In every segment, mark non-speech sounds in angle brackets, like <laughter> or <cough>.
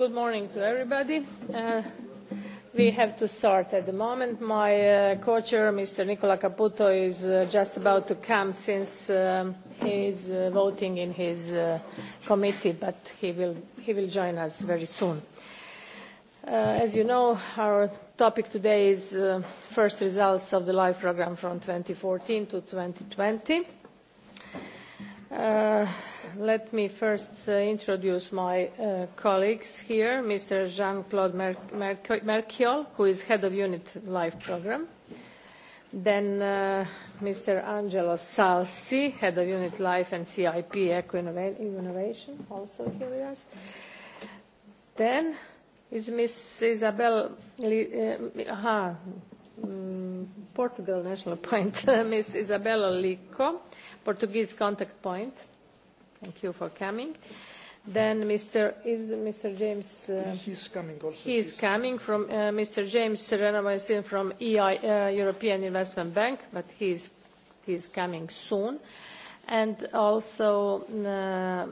Good morning to everybody. Uh, we have to start at the moment. My uh, co-chair, Mr. Nicola Caputo, is uh, just about to come since um, he's voting in his committee, but he will join us very soon. As you know, our topic today is first results of the life program from 2014 to 2020. Uh, let me first uh, introduce my uh, colleagues here mr jean claude melchiorre who is head of unit life programme then mr angelo salsi head of unit life and cip eco innovation also here with us then is ms isabelle ah Mm, Portugal National <laughs> Point, uh, Miss Isabella Lico, Portuguese Contact Point. Thank you for coming. Mr. James. Uh, he's coming also. He's coming from uh, Mr. James Renaud-Marcin from e European Investment Bank, but he's coming soon and also uh,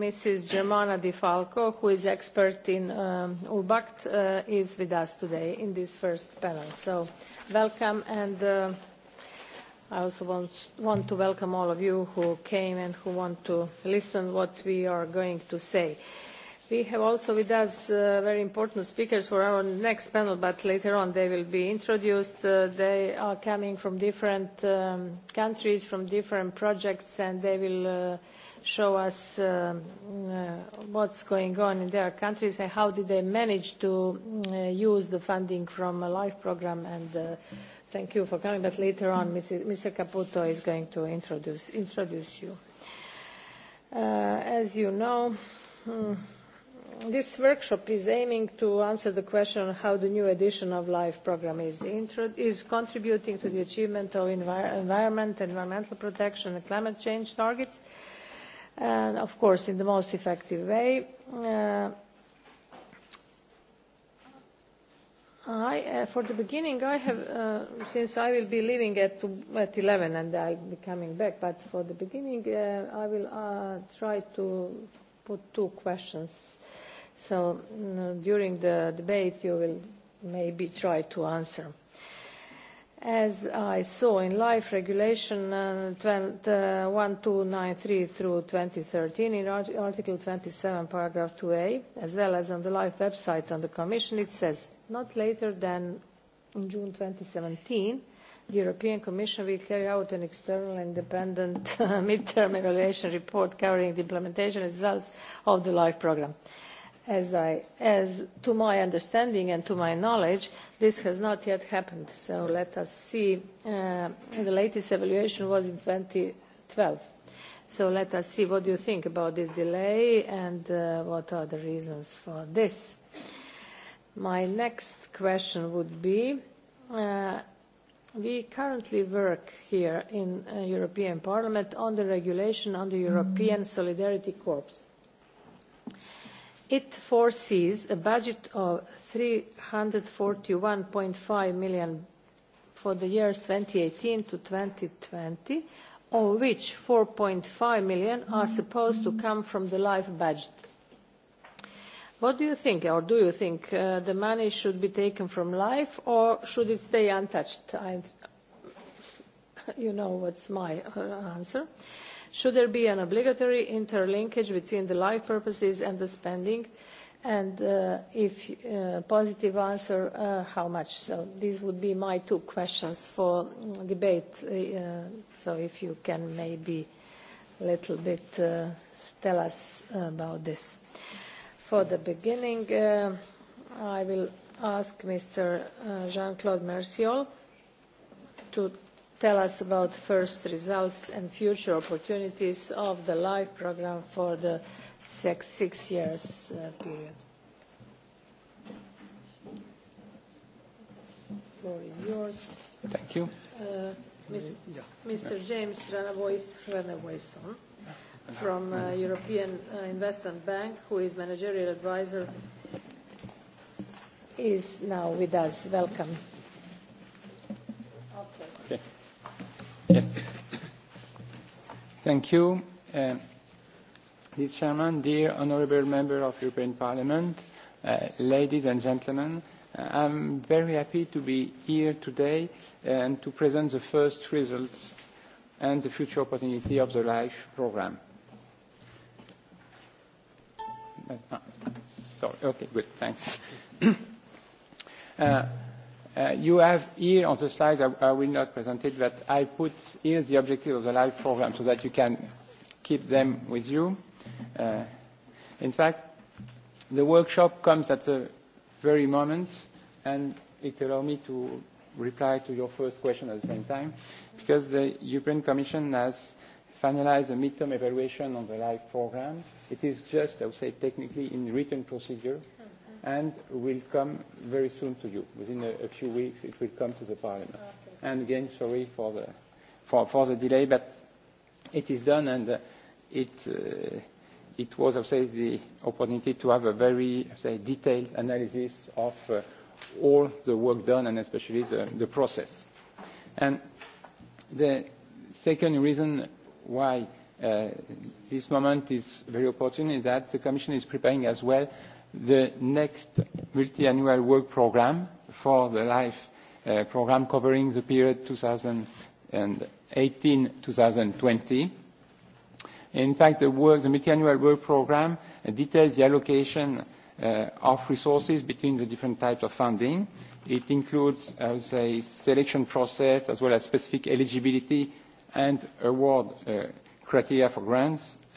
Mrs. Germana Di Falco, who is expert in um, UBACT, uh, is with us today in this first panel. So welcome, and uh, I also want, want to welcome all of you who came and who want to listen what we are going to say. Uh, we have also with us uh, very important speakers for our next panel but later on they will be introduced uh, they are coming from different um, countries from different projects and they will uh, show us uh, uh, what's going on in their countries and how did they manage to uh, use the funding from a life program and uh, thank you for coming but later on mr caputo is going to introduce introduce you uh, as you know hmm, this workshop is aiming to answer the question on how the new edition of life program is is contributing to the achievement of envir environment environmental protection and climate change targets and of course in the most effective way uh, i uh, for the beginning i have uh, since i will be leaving at at 11 and i'll be coming back but for the beginning uh, i will uh, try to put two questions uh, so uh, during the debate you will maybe try to answer. As I saw in life regulation uh, 1293 through 2013 in art article 27 paragraph 2a as well as on the life website on the commission it says not later than in June 2017 the European Commission will carry out an external independent <laughs> midterm evaluation report covering the implementation results of the life programme to my understanding and to my knowledge this has not yet happened so let us see uh, the latest evaluation was in two thousand and twelve so let us see what you think about this delay and uh, what are the reasons for this. my next question would be uh, we currently work here in the european parliament on the regulation on the european solidarity corps. It foresees a budget of 341.5 million for the years 2018 to 2020, of which 4.5 million are supposed to come from the life budget. What do you think, or do you think, uh, the money should be taken from life, or should it stay untouched? I've, you know what's my uh, answer. Uh, Should there be an obligatory interlinkage between the life purposes and the spending? And uh, if uh, positive answer, uh, how much? So these would be my two questions for mm, debate. Uh, so if you can maybe a little bit uh, tell us about this. For the beginning, uh, I will ask Mr. Uh, Jean-Claude Merciol to tell us about first results and future opportunities of the LIFE program for the six, six years uh, period. floor is yours. Thank you. Uh, mis- yeah. Mr. Yeah. James Renavois- Renavoison from uh, European uh, Investment Bank, who is managerial advisor, is now with us. Welcome. Okay. okay. Mr. Uh, Chairman, dear honourable member of European Parliament, uh, ladies and gentlemen, uh, I'm very happy to be here today uh, and to present the first results and the future opportunity of the LIFE programme. Uh, ah, sorry, okay, good, thanks. <clears throat> uh, Uh, you have here on the slides, I will not present it, but I put here the objective of the live program so that you can keep them with you. Uh, in fact, the workshop comes at the very moment and it allowed me to reply to your first question at the same time because the European Commission has finalized a midterm evaluation on the live program. It is just, I would say, technically in written procedure and will come very soon to you. Within a, a few weeks, it will come to the Parliament. Okay. And again, sorry for the, for, for the delay, but it is done, and uh, it, uh, it was, I say, the opportunity to have a very say, detailed analysis of uh, all the work done, and especially the, the process. And the second reason why uh, this moment is very opportune is that the Commission is preparing as well the next multi-annual work program for the life uh, program covering the period 2018-2020. In fact, the multi-annual work program details the allocation uh, of resources between the different types of funding. It includes, I would say, selection process as well as specific eligibility and award uh, criteria for grants,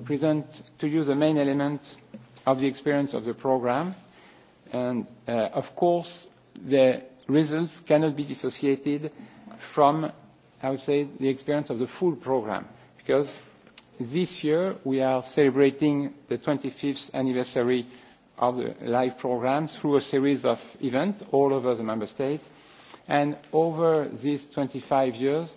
present to you the main elements of the experience of the programme and uh, of course the results cannot be dissociated from I would say the experience of the full programme because this year we are celebrating the 25th anniversary of the live programme through a series of events all over the Member States and over these 25 years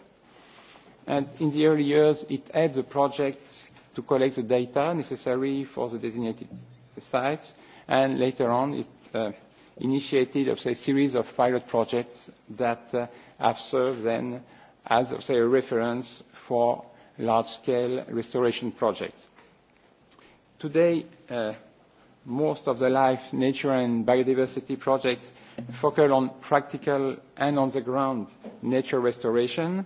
In the early years, it aids the projects to collect the data necessary for the designated sites, and later on, it uh, initiated of, say, a series of pilot projects that uh, have served then as, of, say, a reference for large-scale restoration projects. Today, uh, most of the life, nature, and biodiversity projects focus on practical and on-the-ground nature restoration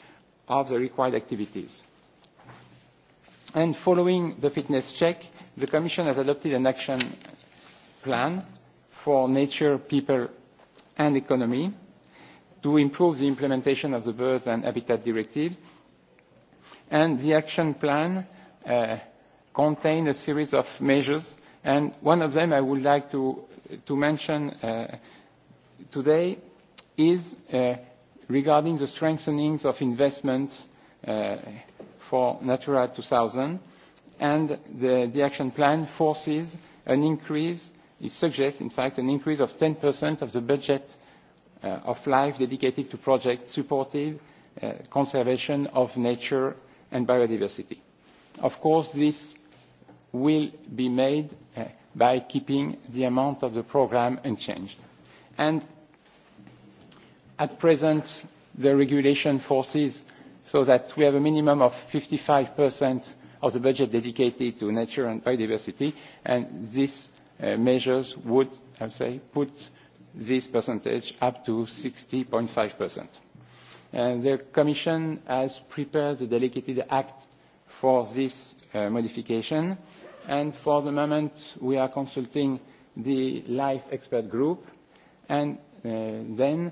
of the required activities. Following the fitness check, the Commission has adopted an action plan for nature, people, and economy to improve the implementation of the Birds and Habitats Directive. The action plan uh, contain a series of measures, and one of them I would like to mention uh, today is uh, Regarding the strengthenings of investment uh, for Natura 2000 and the action plan foresees an increase. It suggests, in fact, an increase of 10% of the budget uh, of Life dedicated to project supporting uh, conservation of nature and biodiversity. Of course, this will be made by keeping the amount of the program unchanged at present, the regulation forces so that we have a minimum of 55% of the budget dedicated to nature and biodiversity, and these uh, measures would, I say, put this percentage up to 60.5%. The commission has prepared the delegated act for this uh, modification. For the moment, we are consulting the life expert group, and uh, then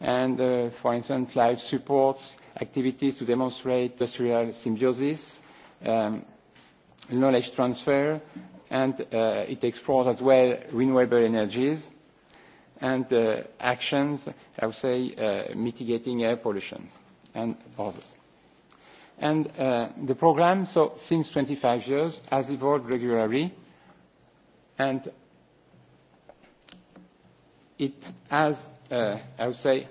and, uh, for instance, live support activities to demonstrate industrial symbiosis, um, knowledge transfer, and uh, it explores as well renewable energies and uh, actions, I would say, mitigating air pollution and others. The program, so since 25 years, has evolved regularly, and it has Uh, I would say,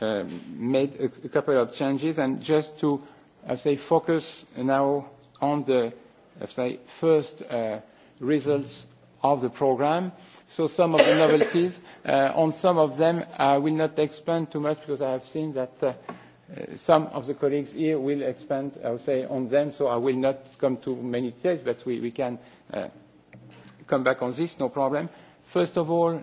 um, made a couple of changes and just to, I would say, focus now on the, let's say, first uh, results of the program. Some of the <coughs> novelties, uh, on some of them, I will not expand too much because I have seen that some of the colleagues here will expand, I would say, on them. I will not come to many details, but we can come back on this, no problem. First of all,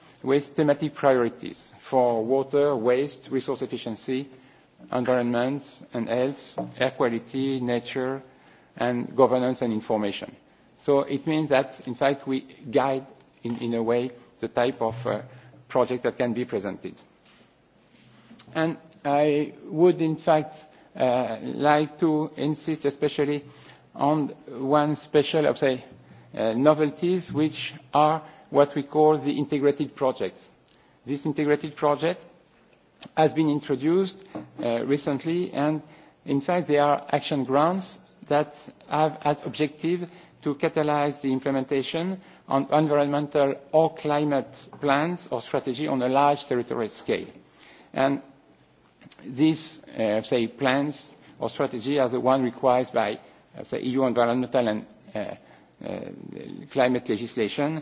with thematic priorities for water, waste, resource efficiency, environment and health, air quality, nature, and governance and information. It means that, in fact, we guide in a way the type of uh, project that can be presented. I would, in fact, uh, like to insist especially on one special, I would say, uh, novelties, which are what we call the integrated projects. This integrated project has been introduced uh, recently, and in fact, they are action grants that have as objective to catalyze the implementation on environmental or climate plans or strategy on a large territory scale. These, uh, say, plans or strategy are the one required by, say, EU environmental and uh, climate legislation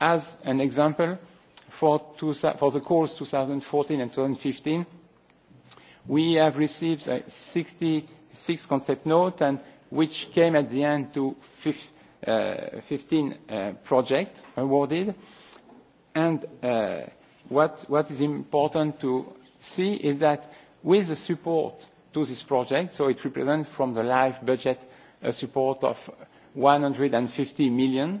As an example, for the calls 2014 and 2015, we have received 66 concept note and which came at the end to 15 uh, uh, project awarded. Uh, what is important to see is that with the support to this project, so it represent from the Life budget, a support of 150 million,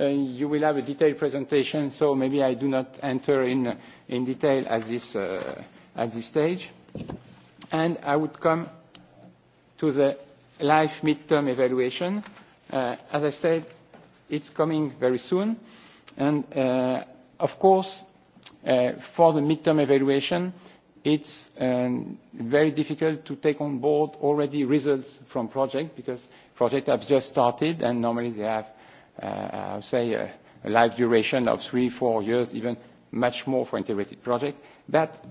Uh, you will have a detailed presentation, so maybe I do not enter in detail at this uh, stage. I would come to the life midterm evaluation. Uh, as I said, it's coming very soon. Of course, for the midterm evaluation, it's um, very difficult to take on board already results from project, because project have just started, and normally they have Uh, uh, I would say, uh, a life duration of three, four years, even much more for integrated project. But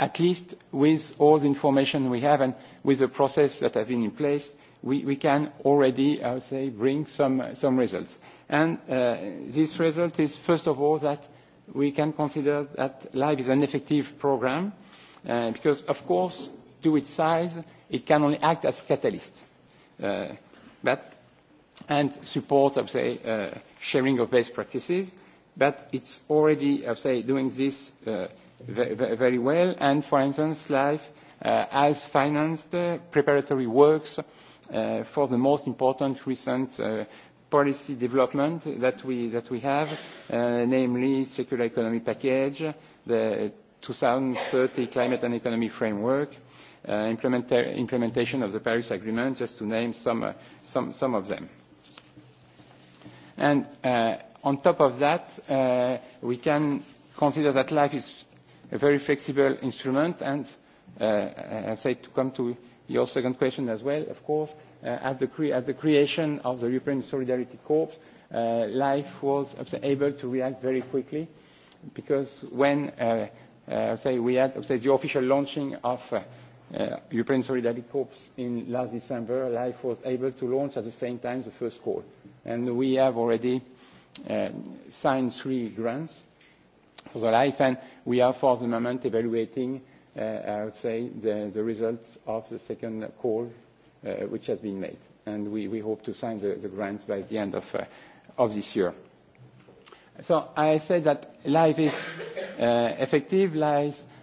at least with all the information we have and with the process that have been in place, we can already, I would say, bring some results. And this result is, first of all, that we can consider that life is an effective program, because, of course, due its size, it can only act as catalyst. But and support, I would say, uh, sharing of best practices, but it's already, I would say, doing this uh, very well. And for instance, Life has uh, financed preparatory works for the most important recent policy development that we have, namely Circular Economy Package, the 2030 Climate and Economy Framework, implementation of the Paris Agreement, just to name some of them. Uh, on top of that, uh, we can consider that life is a very flexible instrument, and uh, I say to come to your second question as well, of course, at the creation of the European Solidarity Corps, life was able to react very quickly because when, say, we had, say, the official launching of Uh, European Solidarity Corps in last December, Life was able to launch at the same time the first call. We have already uh, signed three grants for the Life, and we are for the moment evaluating, uh, I would say, the results of the second call, which has been made. We hope to sign the grants by the end of this year. I said that Life is effective. Life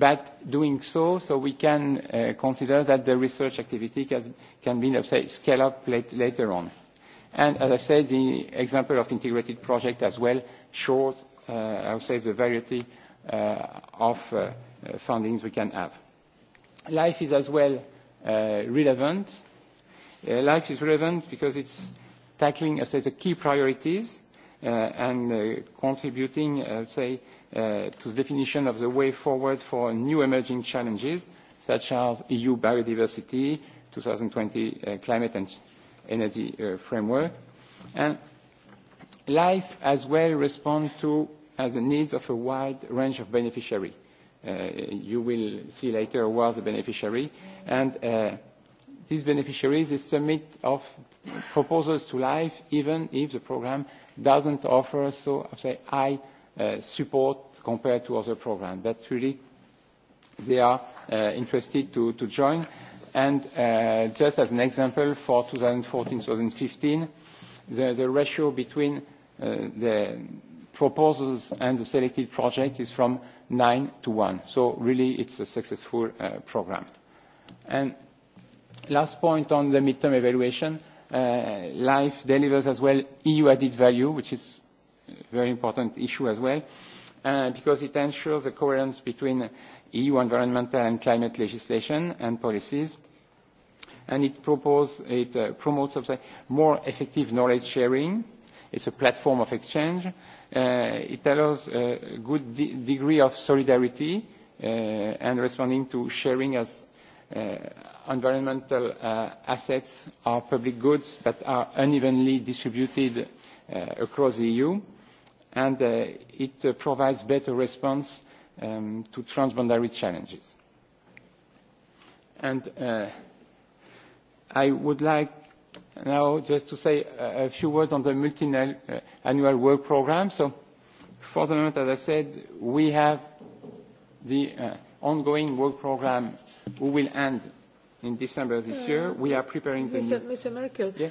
but doing so we can uh, consider that the research activity can be, let's say, scale up later on. As I said, the example of integrated project as well shows, uh, I would say, the variety uh, of fundings we can have. Life is as well relevant. Life is relevant because it's tackling, I say, the key priorities, and contributing, I would say, Uh, to the definition of the way forward for new emerging challenges such as EU biodiversity, 2020 uh, climate and energy uh, framework. And life as well responds to as the needs of a wide range of beneficiaries. Uh, you will see later who are the beneficiaries. And uh, these beneficiaries they submit of proposals to life even if the program doesn't offer so say, high Uh, support compared to other programs. That's really they are uh, interested to, to join. And uh, just as an example, for 2014-2015, the, the ratio between uh, the proposals and the selected project is from 9 to 1. So really, it's a successful uh, program. And last point on the midterm evaluation, uh, LIFE delivers as well EU added value, which is very important issue as well, uh, because it ensures the coherence between EU environmental and climate legislation and policies. And it, propose, it uh, promotes of the more effective knowledge sharing. It's a platform of exchange. Uh, it allows a good de- degree of solidarity uh, and responding to sharing as uh, environmental uh, assets are public goods that are unevenly distributed uh, across the EU. Uh, and uh, it uh, provides better response um, to transboundary challenges. Uh, I would like now just to say a few words on the multi-annual work program. For the moment, as I said, we have the ongoing work program who will end in December this year. We are preparing the new- Mr. Merkel. Yeah.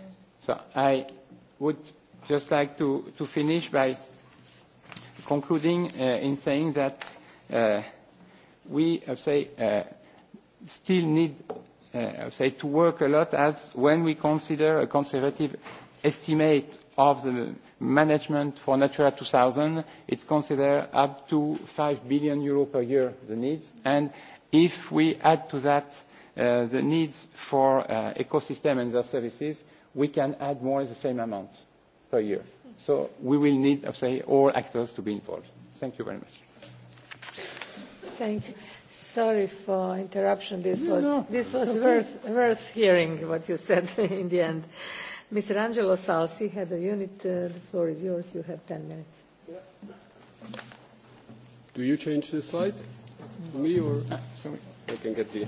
I would just like to finish by concluding uh, in saying that uh, we, I say, uh, still need, I say, to work a lot as when we consider a conservative estimate of the management for Natura 2000, it's considered up to 5 billion euro per year, the needs. If we add to that the needs for ecosystem and the services, we can add more or less the same amount per year. So we will need, I say, all actors to be involved. Thank you very much. Thank you. Sorry for interruption. This no, was, no, no. This was worth, worth hearing what you said <laughs> in the end. Mr. Angelo Salsi, head of unit, uh, the floor is yours. You have 10 minutes. Yeah. Do you change the slides? Mm-hmm. Me or? Ah, sorry. I can get the.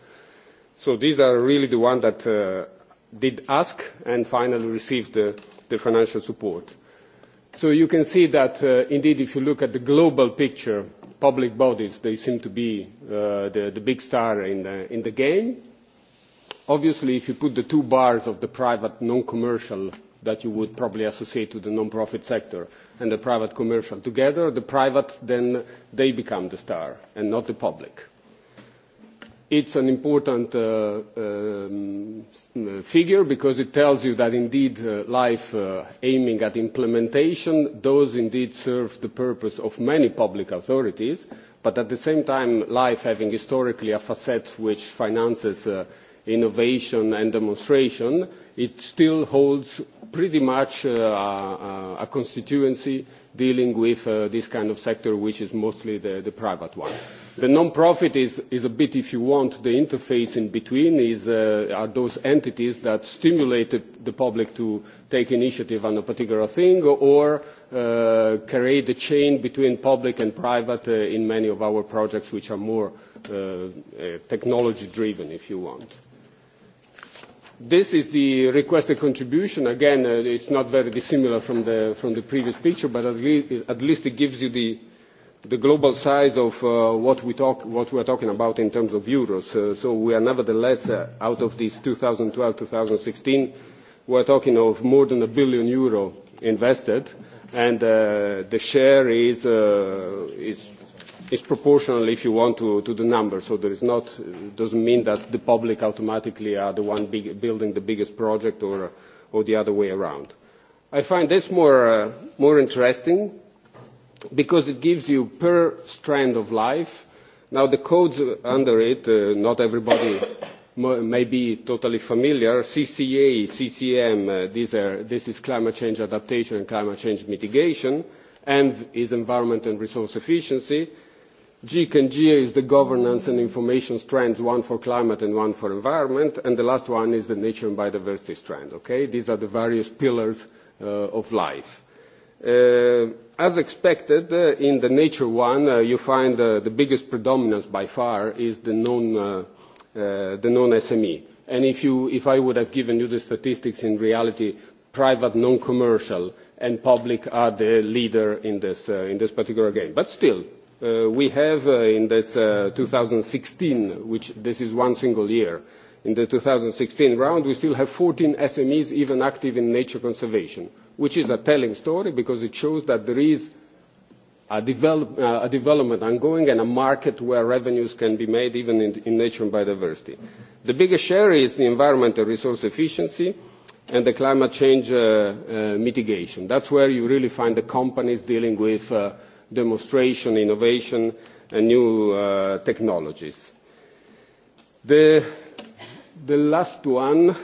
These are really the ones that uh, did ask and finally received the financial support. You can see that uh, indeed, if you look at the global picture, public bodies, they seem to be uh, the big star in the game. Obviously, if you put the two bars of the private non-commercial that you would probably associate to the nonprofit sector and the private commercial together, the private, then they become the star and not the public. It's an important uh, um, uh, figure because it tells you that indeed uh, life aiming at implementation does indeed serve the purpose of many public authorities. But at the same time, life having historically a facet which finances innovation and demonstration, it still holds pretty much a constituency dealing with this kind of sector, which is mostly the private one the non-profit is, is a bit, if you want, the interface in between, is, uh, are those entities that stimulate the public to take initiative on a particular thing or uh, create the chain between public and private uh, in many of our projects which are more uh, uh, technology-driven, if you want. This is the requested contribution. Again, uh, it's not very dissimilar from the, from the previous picture, but at, le at least it gives you the the global size of uh, what we talk what we are talking about in terms of euros uh, so we are nevertheless uh, out of this 2012 2016 we are talking of more than a billion euro invested and uh, the share is uh, is is proportional if you want to to the number so there is not doesn't mean that the public automatically are the one big, building the biggest project or or the other way around i find this more uh, more interesting because it gives you per strand of life. Now, the codes under it, uh, not everybody <coughs> may be totally familiar. CCA, CCM, uh, these are, this is climate change adaptation and climate change mitigation, and is environment and resource efficiency. GIC and GIA is the governance and information strands, one for climate and one for environment, and the last one is the nature and biodiversity strand. Okay? These are the various pillars uh, of life. Uh, As expected, uh, in the Nature one, uh, you find uh, the biggest predominance by far is the non-SME. If I would have given you the statistics, in reality, private non-commercial and public are the leader in this particular game. Still, we have in this 2016, which this is one single year, in the 2016 round, we still have 14 SMEs even active in nature conservation which is a telling story because it shows that there is a uh, development ongoing and a market where revenues can be made even in nature and biodiversity. The biggest share is the environment and resource efficiency and the climate change uh, uh, mitigation. That's where you really find the companies dealing with demonstration, innovation, and new technologies. The last one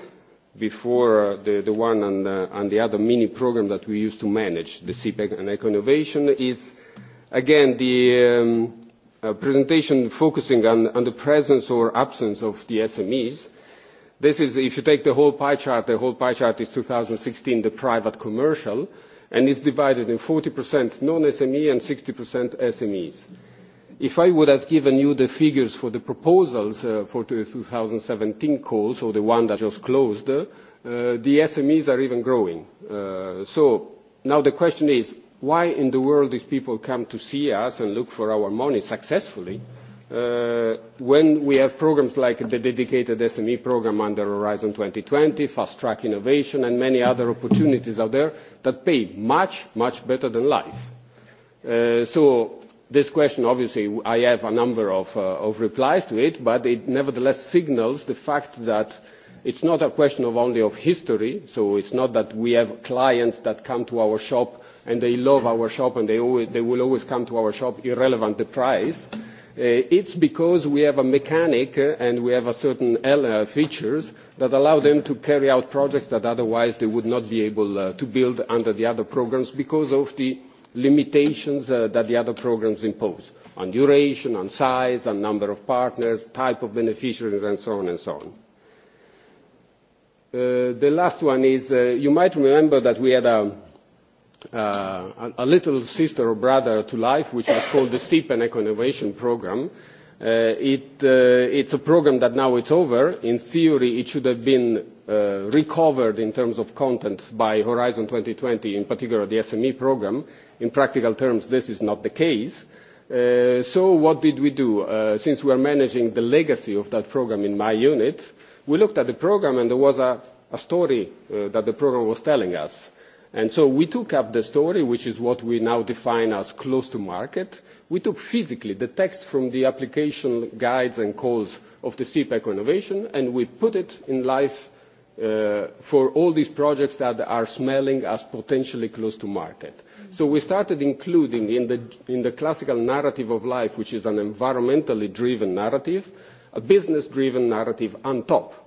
before uh, the one uh, and the other mini program that we use to manage the CPEC e and Eco Innovation is, again, the um, uh, presentation focusing on the presence or absence of the SMEs. This is, if you take the whole pie chart, the whole pie chart is 2016, the private commercial, and it's divided in 40% non-SME and 60% SMEs. If I would have given you the figures for the proposals uh, for the 2017 call, so the one that just closed, uh, the SMEs are even growing. Uh, now the question is, why in the world these people come to see us and look for our money successfully, when we have programs like the dedicated SME program under Horizon 2020, Fast Track Innovation, and many other opportunities out there that pay much, much better than life. This question, obviously, I have a number uh, of replies to it, but it nevertheless signals the fact that it's not a question of only of history. It's not that we have clients that come to our shop and they love our shop, and they will always come to our shop irrelevant the price. Uh, it's because we have a mechanic uh, and we have certain features that allow them to carry out projects that otherwise they would not be able to build under the other programs because of the limitations uh, that the other programs impose on duration, on size, on number of partners, type of beneficiaries, and so on and so on. Uh, the last one is, uh, you might remember that we had a little sister or brother to Life, which was called the SIP and Eco Innovation Programme, Uh, uh, it's a program that now it's over. In theory, it should have been uh, recovered in terms of content by Horizon 2020, in particular the SME program. In practical terms, this is not the case. So what did we do? Since we are managing the legacy of that program in my unit, we looked at the program, and there was a story that the program was telling us. And so we took up the story, which is what we now define as close to market. We took physically the text from the application guides and calls of the CPEC innovation e and we put it in life uh, for all these projects that are smelling as potentially close to market. Mm-hmm. So we started including in the, in the classical narrative of life, which is an environmentally driven narrative, a business driven narrative on top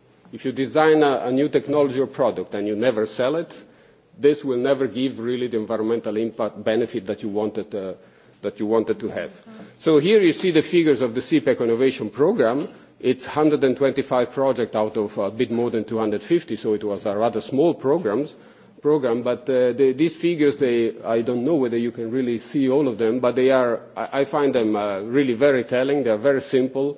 If you design a new technology or product and you never sell it, this will never give really the environmental impact benefit that you wanted uh, to have. So here you see the figures of the CPEC e Innovation Program. It's 125 projects out of a bit more than 250, so it was a rather small program. But uh, these figures, I don't know whether you can really see all of them, but I find them uh, really very telling. They are very simple.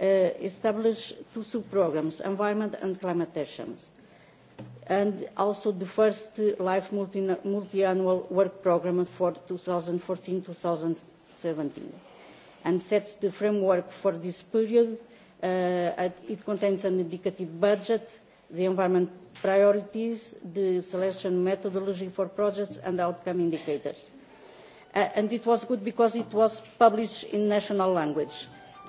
uh, established two sub-programs, environment and climate action, and also the first life multi-annual multi work program for 2014-2017, and sets the framework for this period. Uh, it contains an indicative budget, the environment priorities, the selection methodology for projects, and outcome indicators. Uh, and it was good because it was published in national language.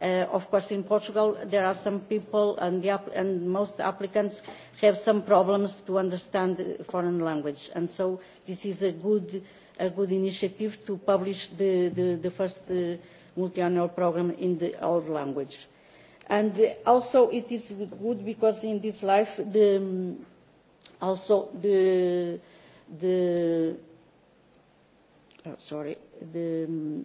Uh, of course, in Portugal, there are some people and, the, and most applicants have some problems to understand foreign language. And so this is a good, a good initiative to publish the, the, the first uh, multi-annual program in the old language. And also it is good because in this life, the, um, also the, the oh, sorry, the, um,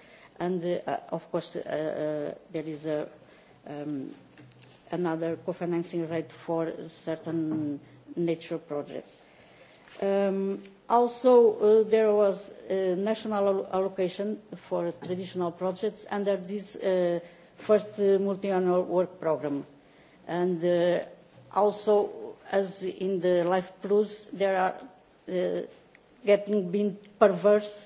and uh, of course uh, uh, there is a, um, another co-financing rate for certain nature projects. Um, also, uh, there was a national allocation for traditional projects under this uh, first uh, multi-annual work program. And uh, also, as in the Life Plus, there are uh, getting being perverse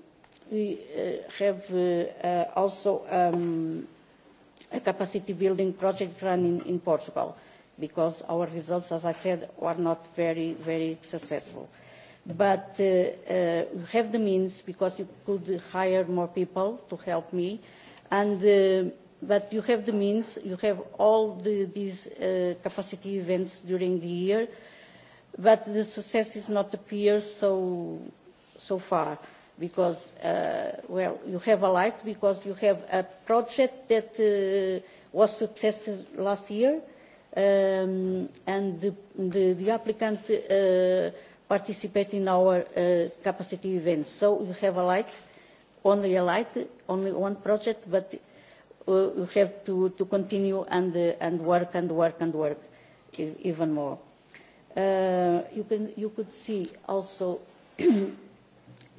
Uh, have uh, uh, also um, a capacity building project running in Portugal because our results, as I said, were not very, very successful. But we have the means because you could hire more people to help me. And but you have the means. You have all these capacity events during the year. But the success is not appear so far because uh, well, you have a life because you have a project that uh, was successful last year, um, and the, the, the applicant uh, participate in our uh, capacity events. So you have a life, only a life, only one project, but uh, you have to, to continue and, uh, and work and work and work e-, even more. Uh, you, can, you could see also. <clears throat>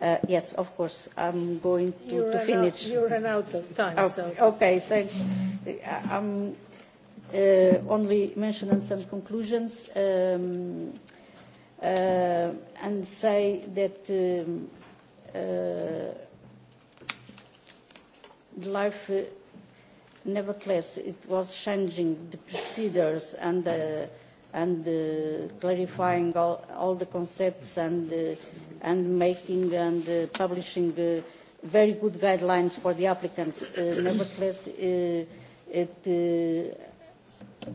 Uh, yes, of course, I'm going to, you to finish. Out, you ran out of time, oh, so. Okay, thanks. Uh, I'm uh, only mentioning some conclusions um, uh, and say that um, uh, life, uh, nevertheless, it was changing the procedures and uh, and uh, clarifying all, all the concepts and uh, and making and uh, publishing uh, very good guidelines for the applicants. Uh, nevertheless, uh, it, uh,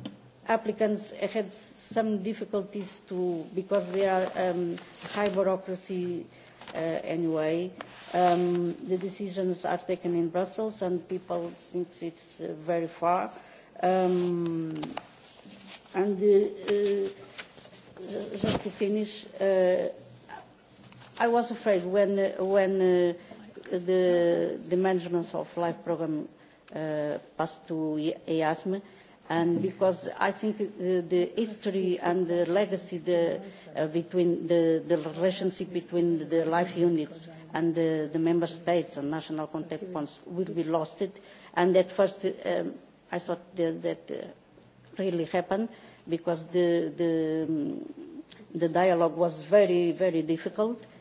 applicants had some difficulties to because they are um, high bureaucracy uh, anyway. Um, the decisions are taken in Brussels, and people think it's uh, very far. Um, and uh, uh, just to finish, uh, I was afraid when, uh, when uh, the, the management of life program uh, passed to EASM, and because I think the, the history and the legacy the, uh, between the, the relationship between the life units and the, the member states and national contact points will be lost. And at first um, I thought that, that uh, really happened because the, the, um, the dialogue was very, very difficult. Uh,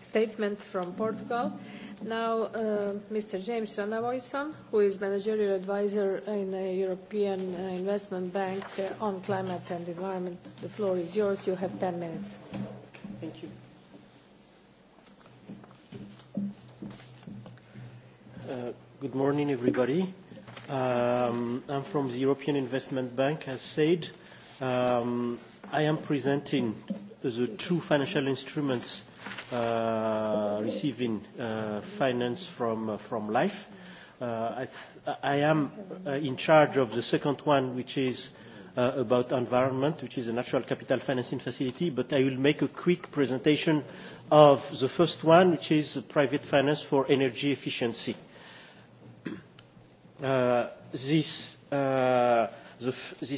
statement from Portugal. Now, uh, Mr. James Ranavason, who is Managerial Advisor in the European uh, Investment Bank uh, on Climate and Environment. The floor is yours. You have 10 minutes. Thank you. Good morning, everybody. Um, I'm from the European Investment Bank, as said. Um, I am presenting the two financial instruments uh, receiving uh, finance from uh, Life. I am in charge of the second one, which is about environment, which is a natural capital financing facility, but I will make a quick presentation of the first one, which is private finance for energy efficiency. This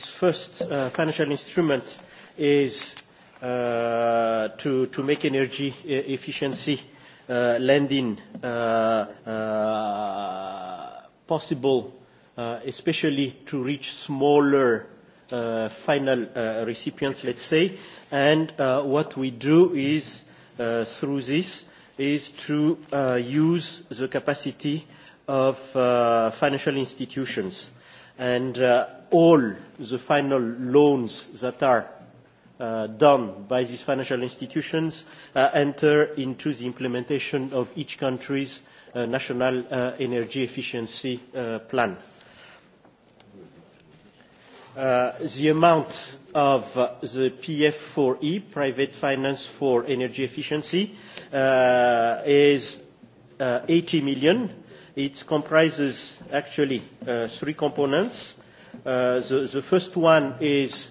first financial instrument is uh, to, to make energy e, efficiency uh, lending uh, uh, possible, uh, especially to reach smaller uh, final uh, recipients, let's say. And uh, what we do is, uh, through this, is to uh, use the capacity of uh, financial institutions. And uh, all the final loans that are uh, done by these financial institutions uh, enter into the implementation of each country's uh, national uh, energy efficiency uh, plan. Uh, the amount of uh, the PF4E, private finance for energy efficiency, uh, is uh, 80 million. It comprises actually uh, three components. Uh, the, the first one is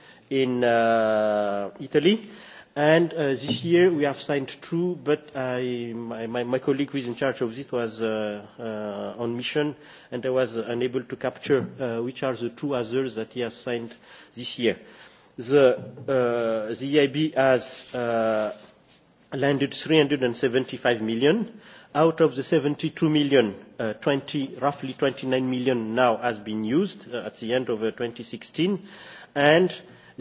in uh, Italy. Uh, this year we have signed two, but my colleague who is in charge of this was uh, on mission, and I was unable to capture which are the two others that he has signed this year. The EIB e has lent 375 million. Out of the 72 million, roughly 29 million now has been used at the end of 2016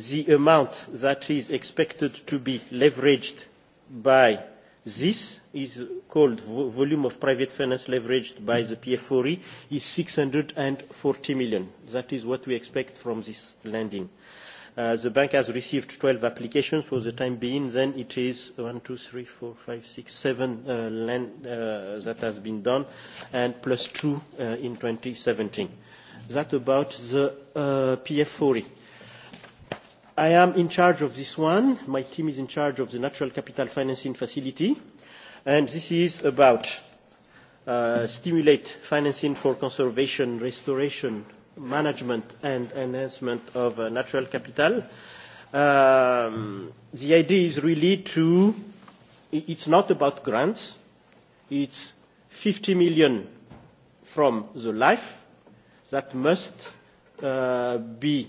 the amount that is expected to be leveraged by this is called volume of private finance leveraged by the PF4E is 640 million. That is what we expect from this lending. Uh, the bank has received 12 applications for the time being. Then it is 1, 2, 3, 4, 5, 6, 7 uh, land, uh, that has been done and plus 2 uh, in 2017. That about the uh, PF4E. I am in charge of this one. My team is in charge of the natural capital financing facility, and this is about uh, stimulate financing for conservation, restoration, management, and enhancement of uh, natural capital. Um, the idea is really to... It's not about grants. It's 50 million from the life that must uh, be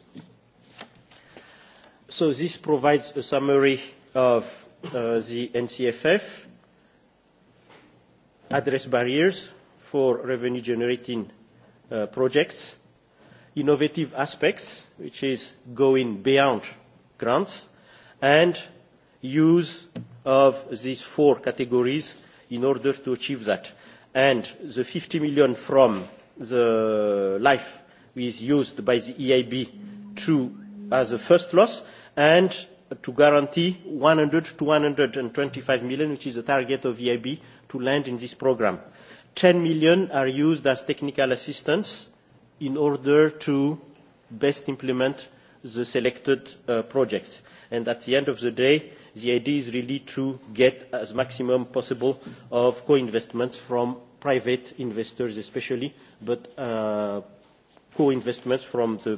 This provides a summary of uh, the NCFF address barriers for revenue-generating uh, projects, innovative aspects, which is going beyond grants, and use of these four categories in order to achieve that. The 50 million from the life is used by the EIB as a first loss, and to guarantee eur one hundred to one hundred and twenty five million, which is the target of EIB, to land in this programme. Ten million are used as technical assistance in order to best implement the selected uh, projects. And at the end of the day, the idea is really to get as maximum possible of co-investments from private investors especially, but uh, co-investments from the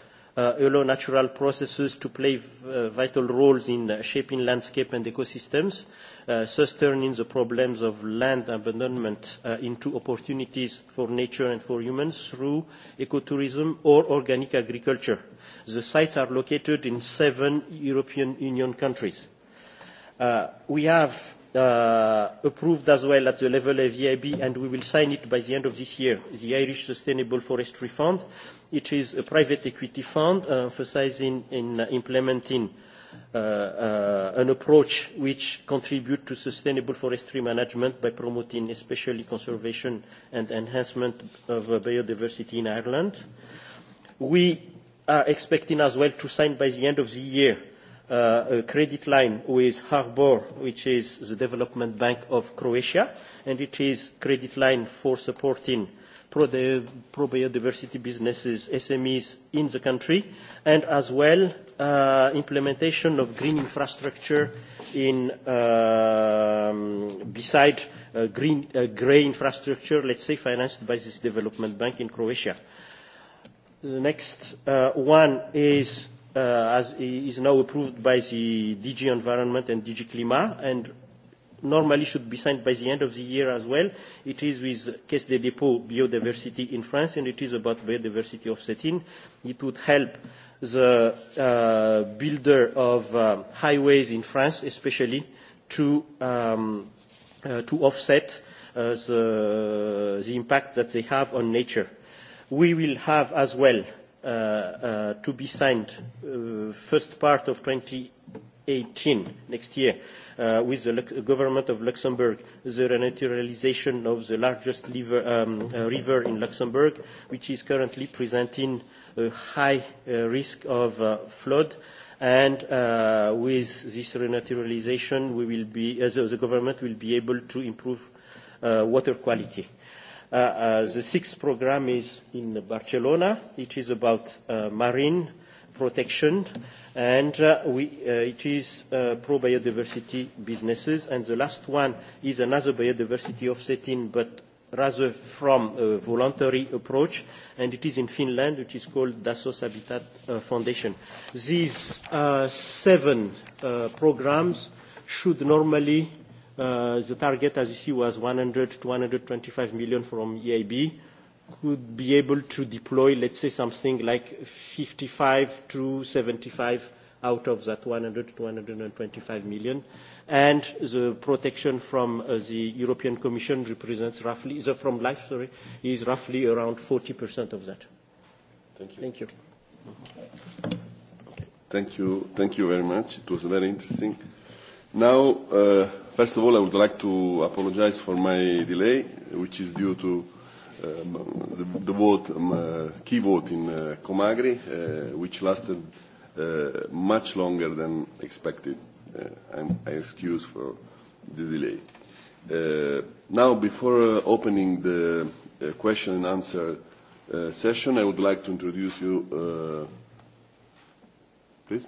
uh, allow natural processes to play v- uh, vital roles in uh, shaping landscape and ecosystems, uh, thus turning the problems of land abandonment uh, into opportunities for nature and for humans through ecotourism or organic agriculture. The sites are located in seven European Union countries. Uh, we have uh, approved as well at the level of EIB, e and we will sign it by the end of this year, the Irish Sustainable Forestry Fund. It is a private equity fund uh, emphasizing in uh, implementing uh, an approach which contribute to sustainable forestry management by promoting especially conservation and enhancement of biodiversity in Ireland. We are expecting as well to sign by the end of the year a credit line with HBOR, which is the development bank of Croatia, and it is credit line for supporting pro-biodiversity businesses, SMEs in the country, and as well uh, implementation of green infrastructure in, uh, beside uh, green, uh, grey infrastructure, let's say, financed by this development bank in Croatia. The next uh, one is, uh, as is now approved by the DG Environment and DG Climat, and normally should be signed by the end of the year as well. It is with Caisse des Dépôts Biodiversity in France, and it is about biodiversity of setting. It would help the uh, builder of uh, highways in France, especially, to, um, uh, to offset uh, the, the impact that they have on nature. We will have as well uh, uh, to be signed uh, first part of 2018 18 next year uh, with the Le government of Luxembourg, the renaturalization of the largest liver, um, uh, river in Luxembourg, which is currently presenting a high uh, risk of uh, flood. And uh, with this renaturalization, we will be, as uh, the government will be able to improve uh, water quality. Uh, uh, the sixth program is in Barcelona. It is about uh, marine protection and uh, uh, it is uh, pro-biodiversity businesses. The last one is another biodiversity offsetting, but rather from a voluntary approach, and it is in Finland, which is called Dasos Habitat Foundation. These seven programs should normally, the target, as you see, was 100 million-125 million from EIB could be able to deploy, let's say, something like 55-75 out of that 100-125 million. And the protection from uh, the European Commission represents roughly, from life, sorry, is roughly around 40% of that. Thank you. Thank you. Thank you. Thank you very much. It was very interesting. Now, uh, first of all, I would like to apologize for my delay, which is due to the vote, um, uh, key vote in uh, Comagri, uh, which lasted uh, much longer than expected. Uh, I'm, I excuse for the delay. Uh, now, before uh, opening the uh, question and answer uh, session, I would like to introduce you, uh, please.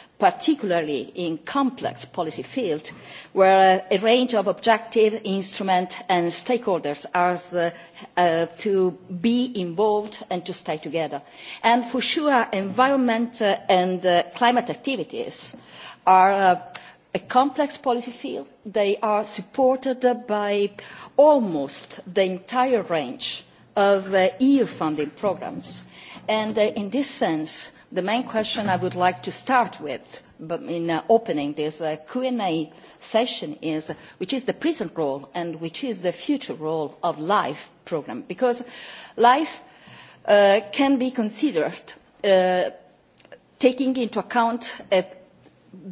particularly in complex policy fields where a range of objective instruments and stakeholders are uh, uh, to be involved and to stay together. And for sure, environment uh, and uh, climate activities are uh, a complex policy field. They are supported by almost the entire range of uh, EU funding programs. And uh, in this sense, The main question I would like to start with but in uh, opening this uh, Q&A session is which is the present role and which is the future role of LIFE program? Because LIFE uh, can be considered uh, taking into account a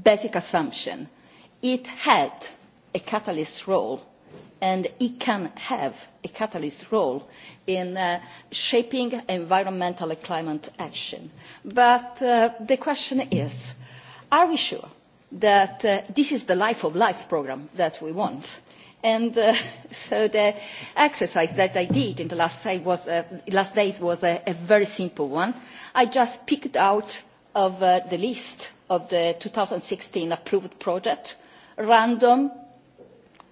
basic assumption. It had a catalyst role and it can have a catalyst role in uh, shaping environmental and climate action. But uh, the question is, are we sure that uh, this is the Life of Life program that we want? And uh, <laughs> so the exercise that I did in the last, say, was, uh, last days was a, a very simple one. I just picked out of uh, the list of the 2016 approved project, random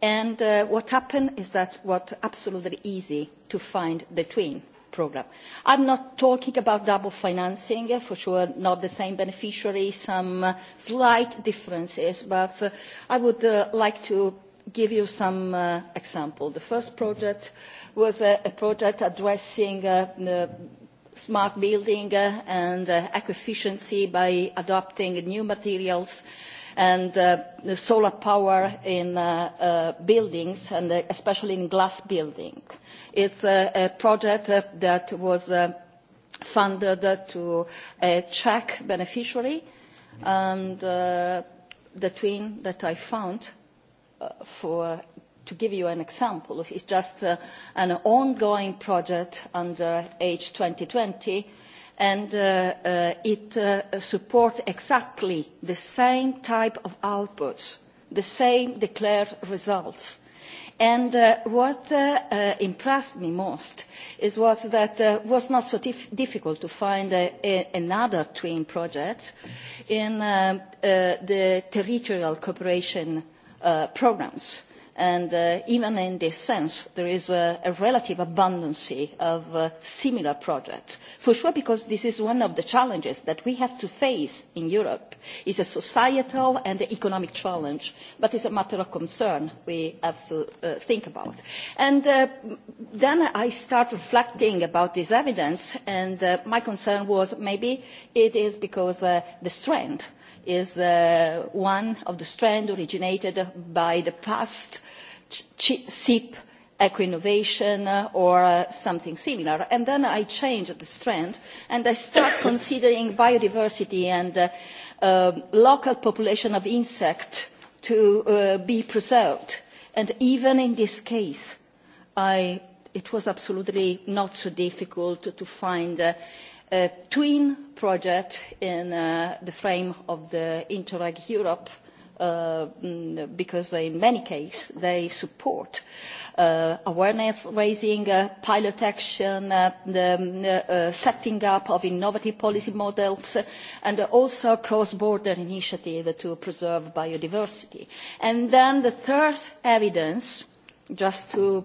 And uh, what happened is that was absolutely easy to find the twin program. I'm not talking about double financing, uh, for sure not the same beneficiary, some uh, slight differences, but uh, I would uh, like to give you some uh, example. The first project was a, a project addressing uh, uh, smart building uh, and uh, eco efficiency by adopting new materials and uh, solar power in uh, uh, buildings, and uh, especially in glass building. It's a, a project uh, that was uh, funded to uh, check beneficiary, and uh, the twin that I found uh, for to give you an example, it's just uh, an ongoing project under H2020 and uh, uh, it uh, supports exactly the same type of outputs the same declared results. And uh, what uh, impressed me most is was that it uh, was not so dif difficult to find a, a, another twin project in uh, uh, the territorial cooperation uh, programs. Uh, and uh, even in this sense, there is a, a relative abundance of uh, similar projects. For sure, because this is one of the challenges that we have to face in Europe, is a societal and economic challenge, but it's a matter of concern we have to uh, think about. And uh, then I start reflecting about this evidence, and uh, my concern was maybe it is because uh, the strength is uh, one of the strands originated by the past cip equinnovation uh, or uh, something similar. And then I changed the strand and I start <coughs> considering biodiversity and uh, um, local population of insects to uh, be preserved. And even in this case, I, it was absolutely not so difficult to, to find uh, twin project in uh, the frame of the Interreg Europe uh, mm, because in many cases they support uh, awareness raising, uh, pilot action, uh, the um, uh, setting up of innovative policy models and also cross-border initiative to preserve biodiversity. And then the third evidence just to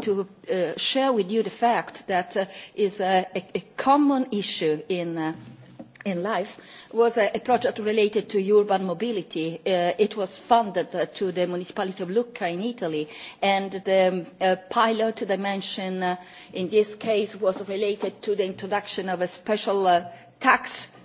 to uh, share with you the fact that uh, is a, a, a common issue in uh, in life was a project related to urban mobility. Uh, it was funded uh, to the municipality of Lucca in Italy and the um, uh, pilot dimension uh, in this case was related to the introduction of a special uh, tax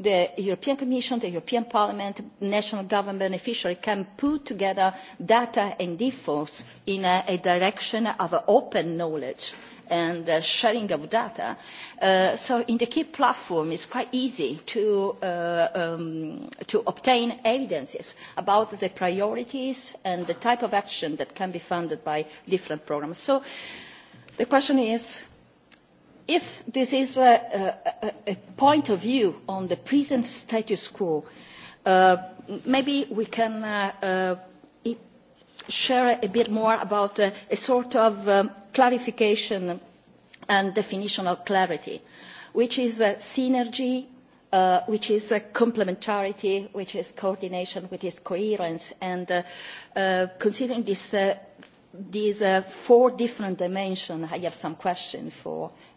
the european commission the european parliament national government and officials can pull together data and info in a direction of open knowledge and uh, sharing of data. Uh, so in the key platform it is quite easy to, uh, um, to obtain evidences about the priorities and the type of action that can be funded by different programmes. so the question is if this is a point of view on the present status quo uh, maybe we can uh, uh, e, share a bit more about a sort of um, clarification and definition of clarity which is a synergy uh, which is a complementarity, which is coordination, which is coherence. And uh, uh, considering this, uh, these uh, four different dimensions, I have some questions for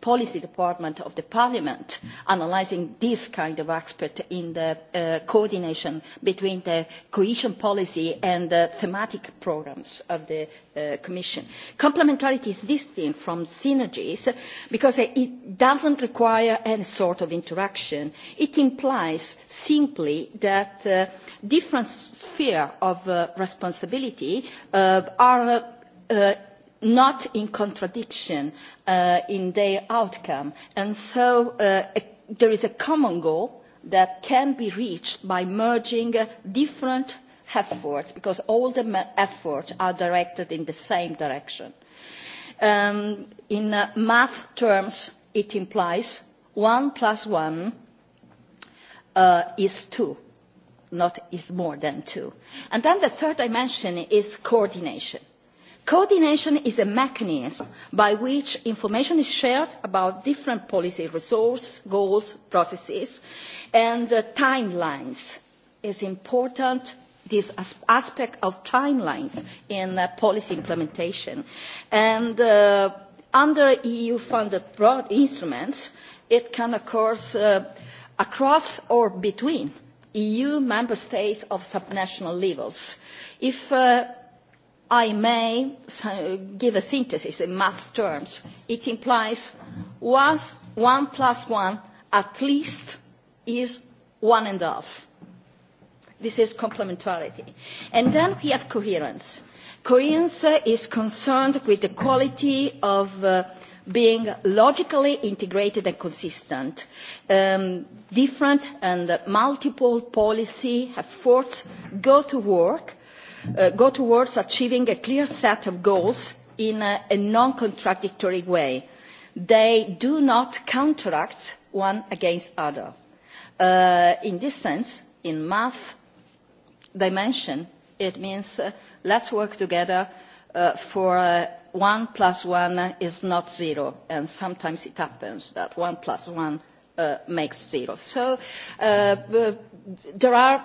policy department of the parliament analysing this kind of aspect in the uh, coordination between the cohesion policy and the thematic programmes of the uh, Commission. Complementarity is distinct from synergies because it doesn't require any sort of interaction. It implies simply that uh, different spheres of uh, responsibility uh, are uh, uh, not in contradiction uh, in their outcome. And so uh, a, there is a common goal that can be reached by merging uh, different efforts, because all the efforts are directed in the same direction. Um, in uh, math terms, it implies one plus one uh, is two, not is more than two. And then the third dimension is coordination. Coordination is a mechanism by which information is shared about different policy resources, goals, processes, and uh, timelines is important this as aspect of timelines in uh, policy implementation. And uh, under EU-funded broad instruments, it can occur uh, across or between EU member states of subnational levels. If uh, I may so give a synthesis in math terms. It implies was 1 plus 1 at least is 1 and a half. This is complementarity. And then we have coherence. Coherence is concerned with the quality of uh, being logically integrated and consistent. Um, different and multiple policy efforts go to work Uh, go towards achieving a clear set of goals in a, a non-contradictory way. They do not counteract one against other. Uh, in this sense, in math dimension, it means uh, let's work together uh, for uh, one plus one is not zero. And sometimes it happens that one plus one uh, makes zero. So uh, uh there are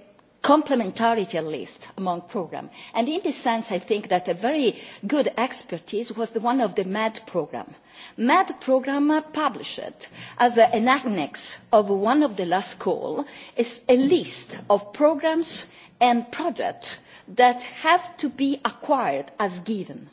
complementarity at least among programmes and in this sense i think that a very good expertise was the one of the med programme. med programme published as an annex of one of the last call is a list of programmes and projects that have to be acquired as given.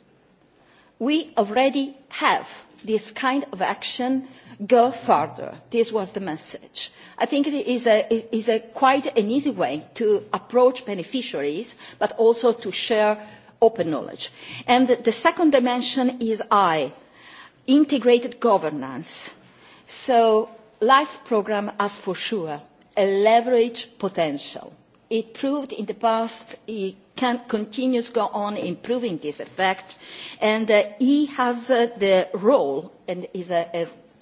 we already have this kind of action go further. This was the message. I think it is, a, it is a quite an easy way to approach beneficiaries, but also to share open knowledge. And the second dimension is I, integrated governance. So LIFE program has for sure a leverage potential. It proved in the past it can continue to go on improving this effect, and uh, he has uh, the role and is a, a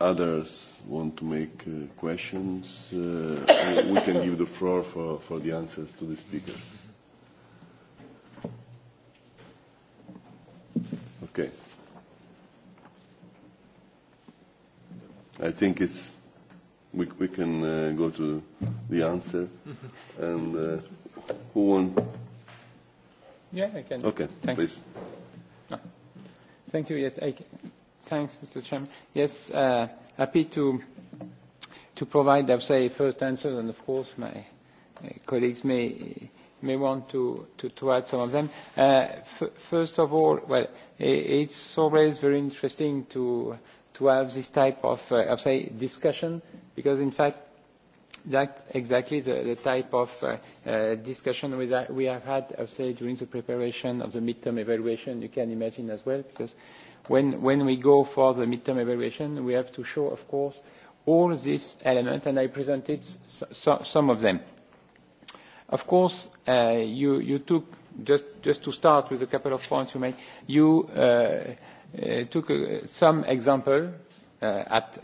others want to make uh, questions, uh, we can give the floor for the answers to the speakers. Okay. I think it's we can uh, go to the answer. <laughs> And who want? Yeah, I can. Okay, please. Ah. Thank you. Yes, I can. Thanks, Mr. Chairman. Yes, uh, happy to to provide, I would say, first answer, and of course, my colleagues may may want to, to, to add some of them. Uh, f first of all, well, it's always very interesting to to have this type of, uh, of say, discussion, because in fact, that's exactly the, the type of uh, uh, discussion we, that we have had, I would say, during the preparation of the midterm evaluation, you can imagine as well, because uh, when we go for the midterm evaluation, we have to show, of course, all these elements, and I presented some of them. Of course, uh, you took, just to start with a couple of points you made, you uh, uh, took some example at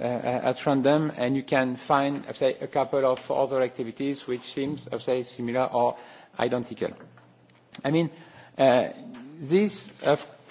random, and you can find, I'd say, a couple of other activities which seems, I'd say, similar or identical. I mean, this, of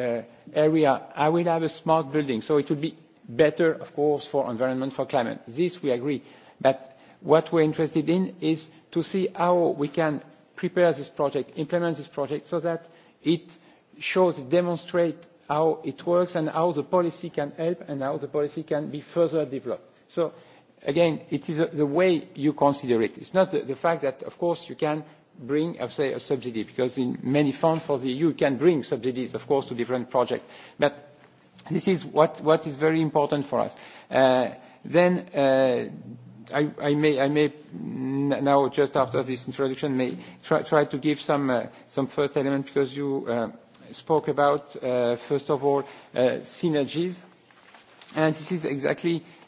Uh, area i will have a smart building so it will be better of course for the environment for climate. this we agree but what we are interested in is to see how we can prepare this project implement this project so that it shows and demonstrates how it works and how the policy can help and how the policy can be further developed. so again it is the way you consider it. it is not the fact that of course bring I say, a subsidy, because in many funds for the EU can bring subsidies, of course, to different projects. But this is what, what is very important for us. Uh, then uh, I, I, may, I may now, just after this introduction, may try, try to give some, uh, some first element, because you uh, spoke about, uh, first of all, uh, synergies. And this is exactly uh,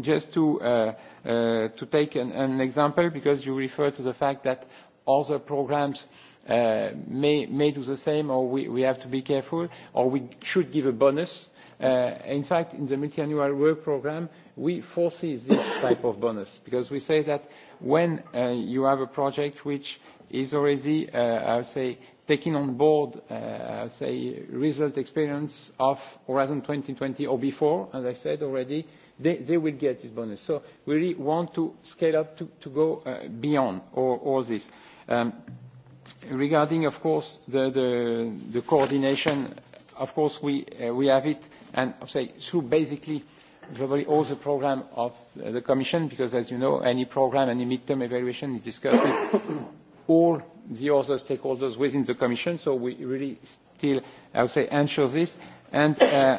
Just to uh, uh, take an example, because you refer to the fact that other programs uh, may do the same, or we have to be careful, or we should give a bonus. In fact, in the multi-annual work program, we foresee this <coughs> type of bonus because we say that when you have a project which is already, I would say, taking on board, I say, result experience of Horizon 2020 or before, as I said already, they will get this bonus. We really want to scale up to go uh, beyond all this. Um, regarding, of course, the coordination, of course, we uh, have it, and say, through basically globally all the program of the Commission, because as you know, any program, any midterm evaluation is discussed with all the other stakeholders within the Commission. We really still, I would say, ensure this. Uh,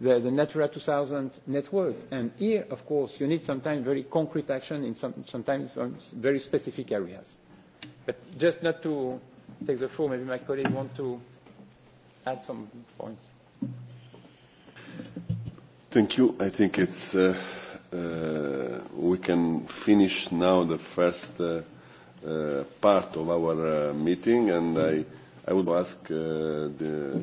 the Natura 2000 network. And here, of course, you need sometimes very concrete action in some, sometimes some very specific areas. But just not to take the floor, maybe my colleague want to add some points. Thank you. I think it's uh, uh, we can finish now the first uh, part of our meeting, and I would ask the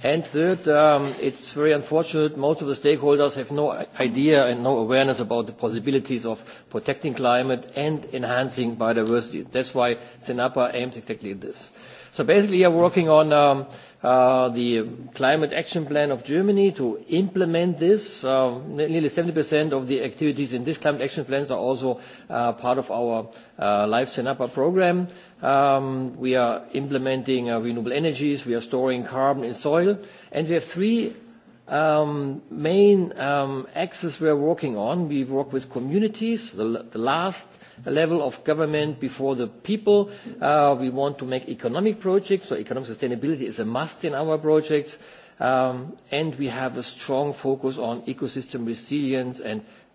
Third, um, it's very unfortunate most of the stakeholders have no idea and no awareness about the possibilities of protecting climate and enhancing biodiversity. That's why Xenapa aims exactly at this. Basically, we are working on um, Uh, the climate action plan of Germany to implement this. Uh, nearly 70% of the activities in these climate action plans are also uh, part of our Life Sinapa program. Um, we are implementing renewable energies. We are storing carbon in soil. We have three um, main um, axes we are working on. We work with communities. The last level of government before the people. Uh, we want to make economic projects, so economic sustainability is a must in our projects. Um, and we have a strong focus on ecosystem resilience and uh,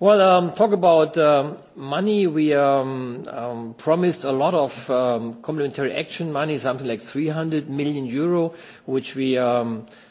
Well, um, talk about um, money. We um, promised a lot of complementary action money, something like 300 million euro, which we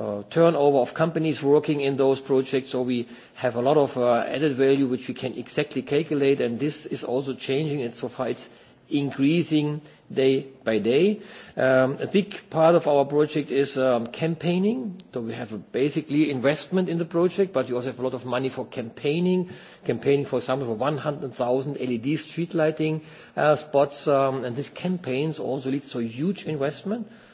Uh, turnover of companies working in those projects. We have a lot of uh, added value, which we can exactly calculate, and this is also changing, and so far it's increasing day by day. Um, a big part of our project is um, campaigning. We have a basically investment in the project, but you also have a lot of money for campaigning. Campaigning for some of the 100,000 LED street lighting uh, spots. Um, these campaigns also leads to a huge investment.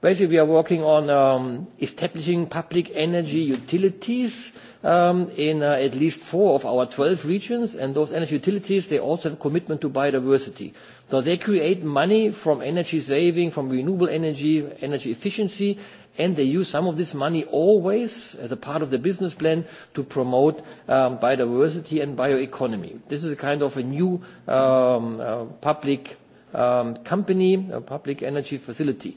Basically, we are working on um, establishing public energy utilities um, in uh, at least four of our 12 regions. Those energy utilities, they also have commitment to biodiversity. They create money from energy saving, from renewable energy efficiency, and they use some of this money always as a part of the business plan to promote um, biodiversity and bioeconomy. This is a kind of a new uh, public company, a public energy facility.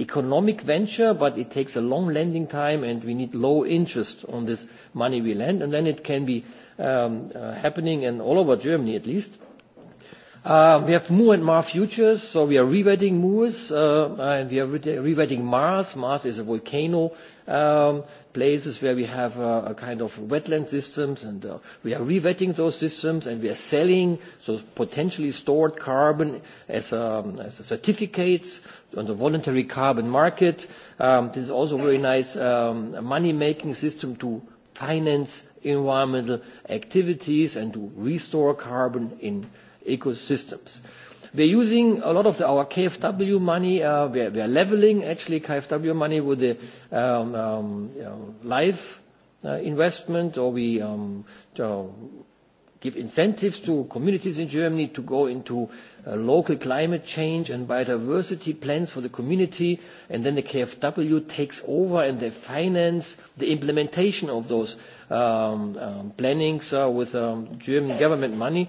economic venture, but it takes a long lending time, and we need low interest on this money we lend, and then it can be um, uh, happening in all over Germany, at least. Uh, we have MOOR and MAAR Futures, so we are rewetting MOORs, uh, and we are rewetting MAARs. MAAR is a volcano um, places where we have a, a kind of wetland systems and uh, we are revetting those systems and we are selling those potentially stored carbon as, um, as a certificates on the voluntary carbon market. Um, this is also a very nice um, money-making system to finance environmental activities and to restore carbon in ecosystems. Mm-hmm. We're using a lot of our KfW money. Uh, we are leveling actually KfW money with the um, um, uh, life uh, investment, or we um, give incentives to communities in Germany to go into local climate change and biodiversity plans for the community. The KfW takes over and they finance the implementation of those plannings with German government money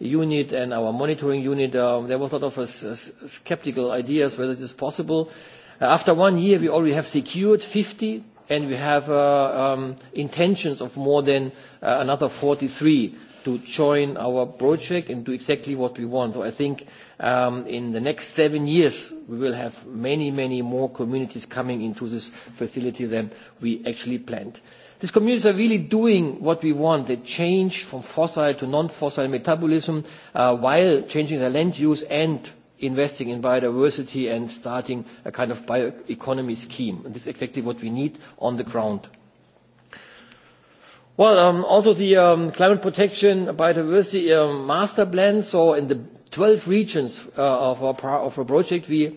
unit and our monitoring unit, uh, there was a lot of uh, s skeptical ideas whether this is possible. Uh, after one year, we already have secured 50 and we have uh, um, intentions of more than uh, another 43 to join our project and do exactly what we want. So I think um, in the next seven years, we will have many, many more communities coming into this facility than we actually planned. Uh, These communities are really doing what we want. They change from fossil to non-fossil metabolism uh, while changing their land use and investing in biodiversity and starting a kind of bioeconomy scheme. And this is exactly what we need on the ground. Well, um, also the um, climate protection biodiversity um, master plan. So in the 12 regions uh, of, our, of our project, we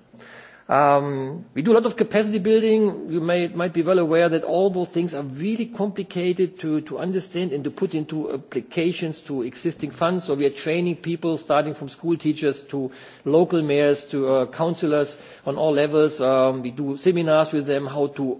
Um, we do a lot of capacity building. You may, might be well aware that all those things are really complicated to, to understand and to put into applications to existing funds. So we are training people, starting from school teachers to local mayors to uh, councillors on all levels. Um, we do seminars with them how to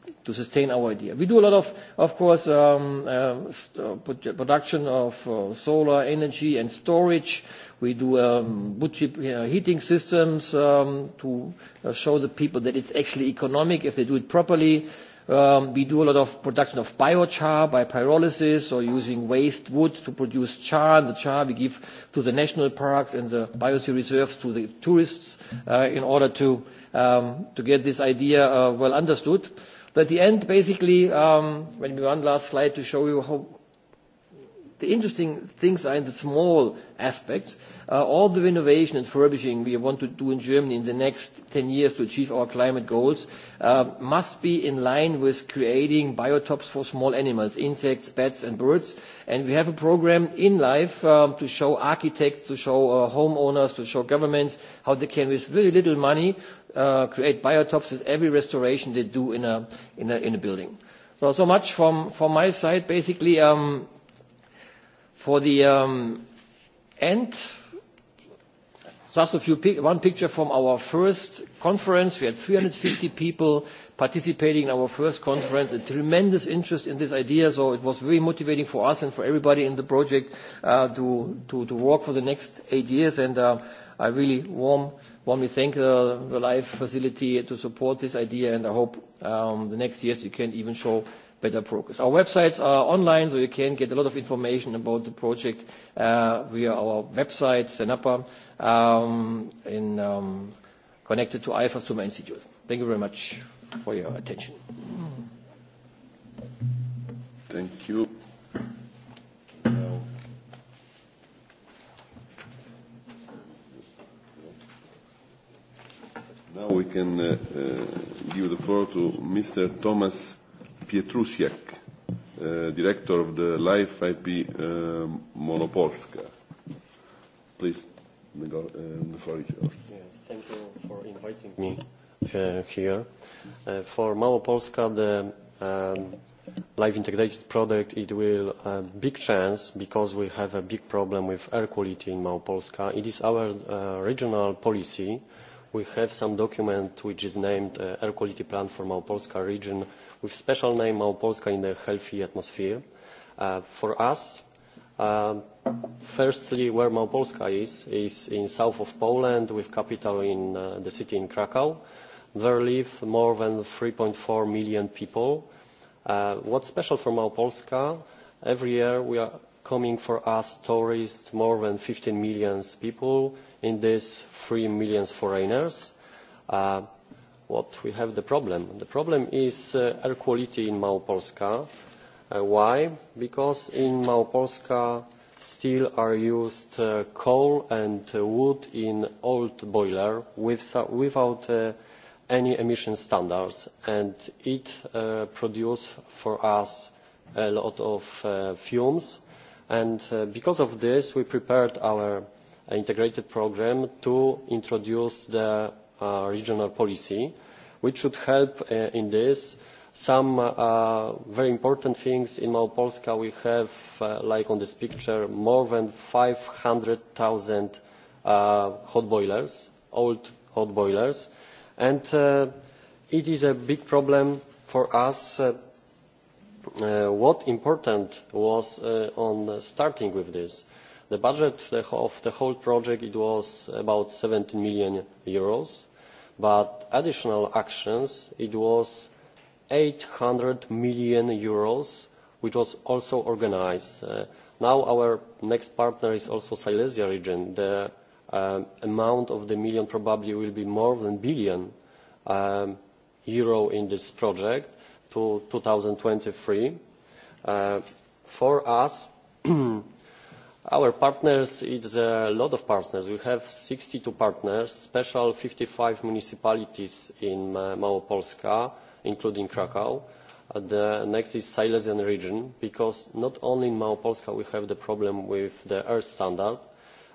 to sustain our idea. We do a lot of course, um, um, uh, production of uh, solar energy and storage. We do um, wood chip uh, heating systems to show the people that it's actually economic if they do it properly. We do a lot of production of biochar by pyrolysis or using waste wood to produce char. The char we give to the national parks and the biosphere reserves to the tourists in order to get this idea well understood. At the end, basically, maybe um, one last slide to show you how the interesting things are in the small aspects. Uh, all the renovation and furbishing we want to do in Germany in the next 10 years to achieve our climate goals uh, must be in line with creating biotopes for small animals, insects, bats, and birds. We have a program in life um, to show architects, to show uh, homeowners, to show governments how they can, with very little money, uh, create biotopes with every restoration they do in a, in a, in a building. So, so much from, from my side. Basically, um, for the um, end, just a few pic- one picture from our first conference. We had 350 people participating in our first conference. A tremendous interest in this idea, so it was very motivating for us and for everybody in the project uh, to, to to work for the next eight years. And uh, I really warm. Let me thank the Life facility to support this idea, and I hope um, the next years you can even show better progress. Our websites are online, so you can get a lot of information about the project uh, via our website, Sinapa, um, um, connected to IFAS Institute. Thank you very much for your attention. Thank you. Thank you. Now we can uh, uh, give the floor to Mr. Thomas Pietrusiak, uh, director of the Life IP uh, Monopolska. Please, uh, the floor is yours. Yes, thank you for inviting me uh, here. Uh, for Malopolska, the um, live integrated product, it will a uh, big chance because we have a big problem with air quality in Malopolska. It is our uh, regional policy we have some document which is named uh, Air Quality Plan for Małopolska Region with special name Małopolska in the Healthy Atmosphere. Uh, for us, uh, firstly, where Małopolska is, is in south of Poland with capital in uh, the city in Krakow. There live more than 3.4 million people. Uh, what's special for Małopolska? Every year we are coming for us tourists, more than 15 million people in these three million foreigners. Uh, what we have the problem? The problem is uh, air quality in Małopolska. Uh, why? Because in Małopolska still are used uh, coal and uh, wood in old boiler with, without uh, any emission standards and it uh, produces for us a lot of uh, fumes and uh, because of this we prepared our integrated programme to introduce the uh, regional policy, which should help uh, in this. Some uh, very important things in Małopolska we have, uh, like on this picture, more than 500,000 uh, hot boilers, old hot boilers. And uh, it is a big problem for us. Uh, uh, what important was uh, on starting with this? the budget of the whole project was about eur seventeen million but additional actions it was eight hundred million euros which was also organised. Uh, now our next partner is also silesia region the uh, amount of the million probably will be more than a billion um, euro in this project to two thousand and twenty three uh, for us <clears throat> our partners it's a lot of partners we have sixty two partners special fifty five municipalities in Małopolska, including Krakow. Uh, the next is Silesian region, because not only in Małopolska we have the problem with the earth standard,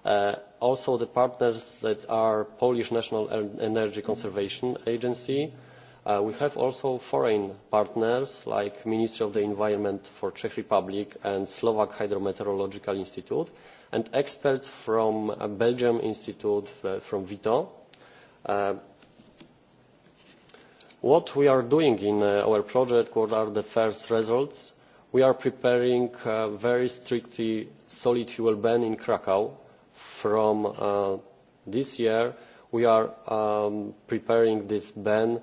uh, also the partners that are Polish National Energy Conservation Agency, mm -hmm. Uh, we have also foreign partners like the ministry of the environment for the czech republic and slovak hydrometeorological institute and experts from a uh, belgium institute uh, from vito uh, what we are doing in uh, our project what are the first results we are preparing a very strictly solid fuel ban in krakow from uh, this year we are um, preparing this ban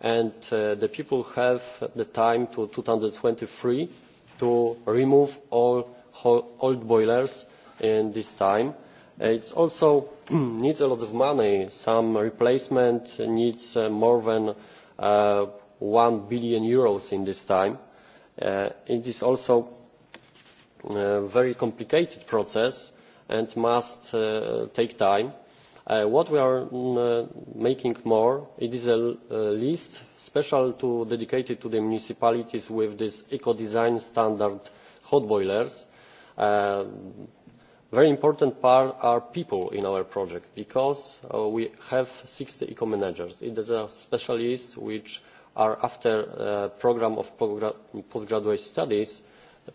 and uh, the people have the time to two thousand and twenty three to remove all old boilers in this time. it also <clears throat> needs a lot of money some replacement needs uh, more than eur uh, one billion in this time. it is also a very complicated process and must take time. Uh, what we are mm, uh, making more it is a list specially dedicated to the municipalities with this eco design standard hot boilers. a uh, very important part are people in our project because we have sixty eco managers it is a specialist which are after a programme of postgraduate studies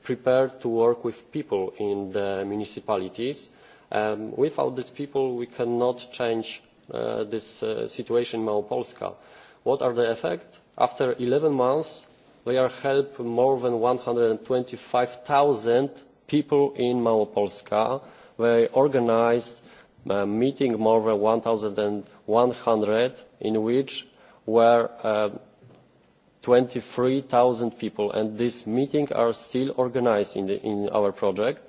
prepared to work with people in the municipalities Um, without these people we cannot change uh, this uh, situation in małopolska. what are the effects? after eleven months they are helping more than one hundred and twenty five zero people in małopolska. they organised a uh, meeting more than one one hundred in which were um, twenty three zero people and this meeting are still organised in, in our project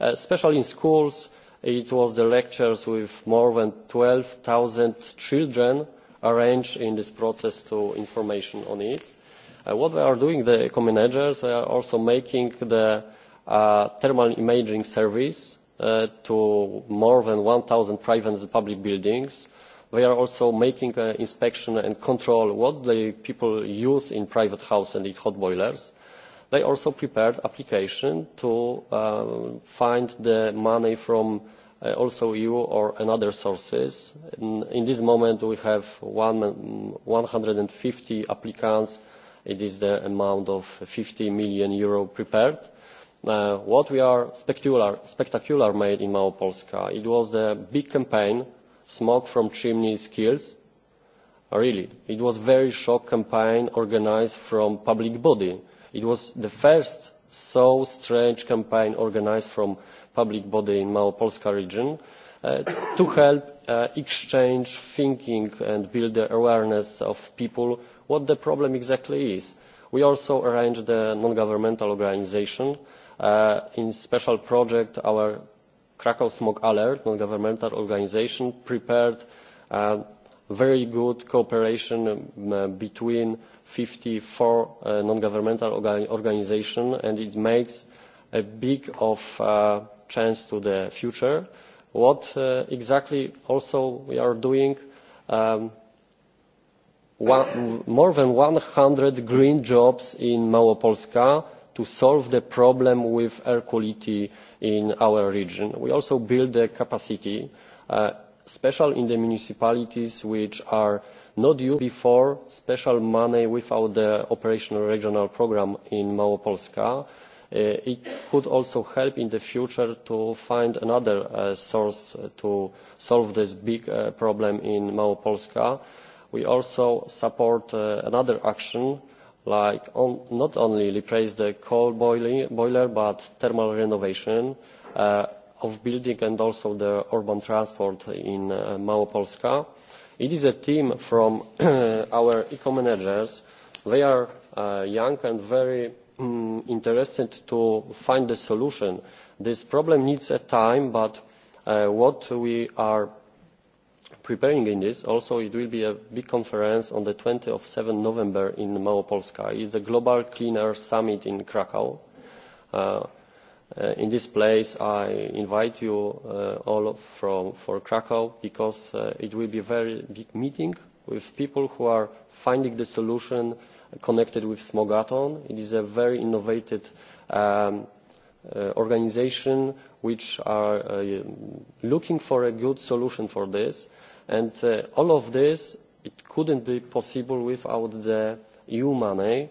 especially in schools it was the lectures with more than twelve zero children arranged in this process to information on it. Uh, what they are doing the eco managers they are also making the uh, thermal imaging service uh, to more than 1,000 private and public buildings. They are also making uh, inspection and control what the people use in private house and heat hot boilers they also prepared applications to uh, find the money from uh, you or other sources. at this moment we have one hundred and fifty applicants. it is the amount of eur fifty million prepared. Uh, what we are spectacular, spectacular made in Małopolska, it was the big campaign smoke from chimneys kills. really, it was a very short campaign organised from public body it was the first so strange campaign organised from a public body in the małopolska region uh, to help uh, exchange thinking and build the awareness of people about what the problem exactly is. we also arranged a non governmental organisation uh, in a special project our krakow smog alert non governmental organisation prepared very good cooperation um, between fifty four uh, non governmental organisations and it makes a big uh, chance for the future. what uh, exactly also we are doing um, more than one hundred green jobs in małopolska to solve the problem with air quality in our region. we also build the capacity especially in the municipalities which no due before special money without the operational regional programme in małopolska. Uh, it could also help in the future to find another uh, source to solve this big uh, problem in małopolska. we also support another action like not only replacing the coal boiler but thermal renovation of buildings and also urban transport in małopolska it is a team from <clears throat> our eco managers they are uh, young and very mm, interested to find a solution. this problem needs time but uh, what we are preparing in this also it will be a big conference on twenty seven november in małopolska. it is a global clean air summit in krakow uh, uh, in this place I invite you uh, all from for Krakow because uh, it will be a very big meeting with people who are finding the solution connected with Smogaton. It is a very innovative um, uh, organization which are uh, looking for a good solution for this and uh, all of this it couldn't be possible without the EU money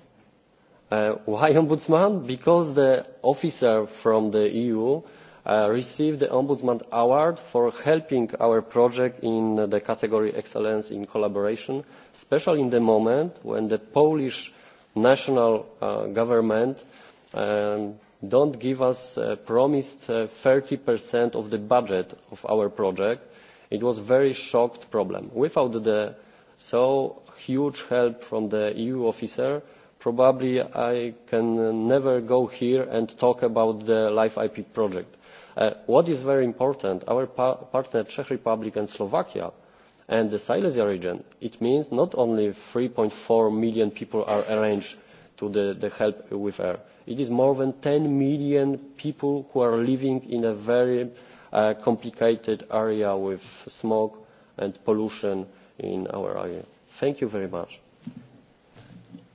Uh, why <laughs> ombudsman? because the officer from the eu uh, received the ombudsman award for helping our project in the category excellence in collaboration especially in the moment when the polish national uh, government um, don't give us a promised 30% of the budget of our project it was a very shocked problem without the so huge help from the eu officer probably i can never go here and talk about the life ip project uh, what is very important our pa partner czech republic and slovakia and the silesia region it means not only 3.4 million people are arranged to the, the help with air it is more than 10 million people who are living in a very uh, complicated area with smog and pollution in our area thank you very much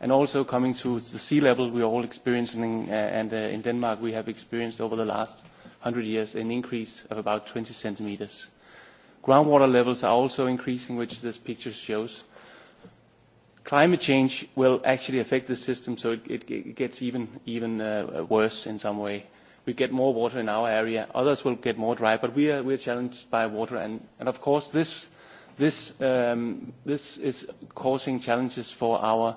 and also coming to the sea level we are all experiencing uh, and uh, in Denmark we have experienced over the last 100 years an increase of about 20 centimeters. Groundwater levels are also increasing, which this picture shows. Climate change will actually affect the system, so it gets even uh, worse in some way. We get more water in our area. Others will get more dry, but we are challenged by water. And of course, um, this is causing challenges for our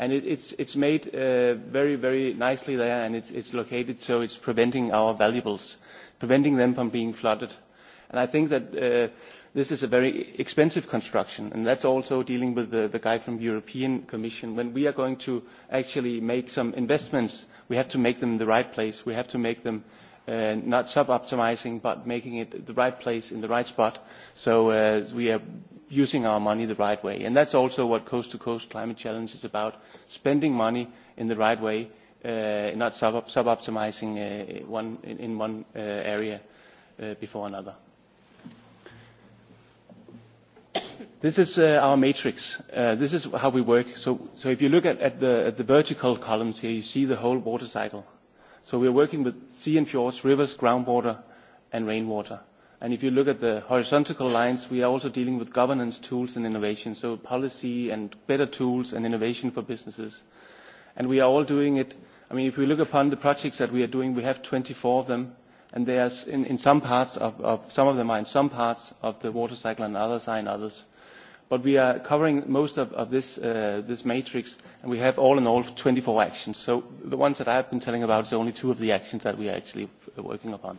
and it's made uh, very very nicely there and it's located so it's preventing our valuables preventing them from being flooded and i think that uh, this is a very expensive construction and that's also dealing with the, the guy from european commission when we are going to actually make some investments we have to make them in the right place we have to make them uh, not sub optimizing but making it the right place in the right spot so uh, we are using our money the right way. And that's also what Coast to Coast Climate Challenge is about, spending money in the right way, uh, not sub-optimizing sub uh, one, in, in one uh, area uh, before another. This is uh, our matrix. Uh, this is how we work. So, so if you look at, at, the, at the vertical columns here, you see the whole water cycle. So we're working with sea and fjords, rivers, groundwater, and rainwater. Uh, If you look at the horizontal lines, we are also dealing with governance tools and innovation, so policy and better tools and innovation for businesses. We are all doing it. If we look upon the projects that we are doing, we have 24 of them, and some of them are in some parts of the water cycle and others are in others. We are covering most of uh, this matrix, and we have all in all 24 actions. The ones that I have been telling about is only two of the actions that we are actually uh, working upon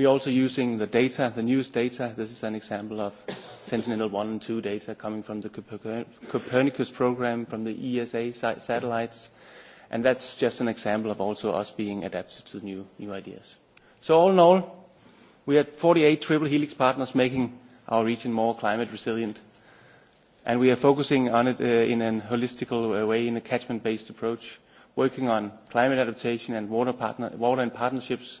We're also using the data, the newest data. This is an example of Sentinel-1 and 2 data coming from the Copernicus program, from the ESA satellites, and that's just an example of also us being adapted to new ideas. All in all, we had 48 Triple Helix partners making our region more climate resilient, and we are focusing on it uh, in an holistic uh, way, in a catchment-based approach, working on climate adaptation and water and partnerships,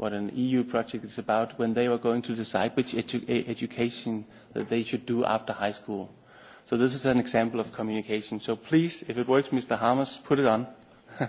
what an EU project is about when they were going to decide which edu e, education that they should do after high school. So this is an example of communication. So please, if it works, Mr. Hamas, put it on. <laughs>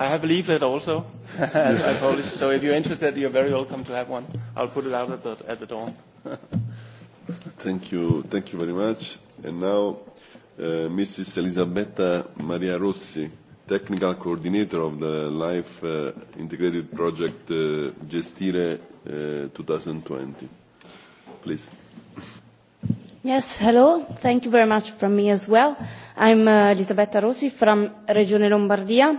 I have a leaflet also. <laughs> I Polish, so if you're interested, you're very welcome to have one. I'll put it out at the at the door. <laughs> thank you, thank you very much. And now, uh, Mrs. Elisabetta Maria Rossi, technical coordinator of the Life uh, Integrated Project uh, Gestire uh, 2020. Please. Yes. Hello. Thank you very much from me as well. I'm uh, Elisabetta Rossi from Regione Lombardia.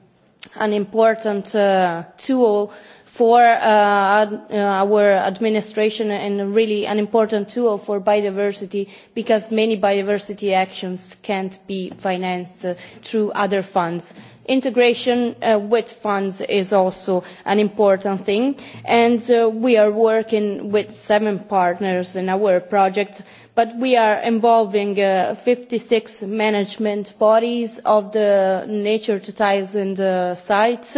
an important uh, tool for uh, ad, uh, our administration and really an important tool for biodiversity because many biodiversity actions can't be financed uh, through other funds. Integration uh, with funds is also an important thing and uh, we are working with seven partners in our project but we are involving uh, 56 management bodies of the Nature 2000 uh, sites,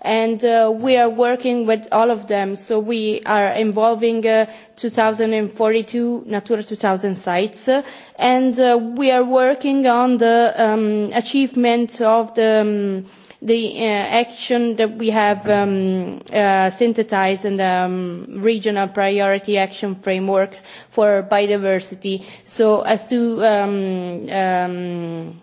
and uh, we are working with all of them. So we are involving uh, 2042 Natura 2000 sites, and uh, we are working on the um, achievement of the um, the uh, action that we have um, uh, synthesized in the um, regional priority action framework for biodiversity. So as to um, um,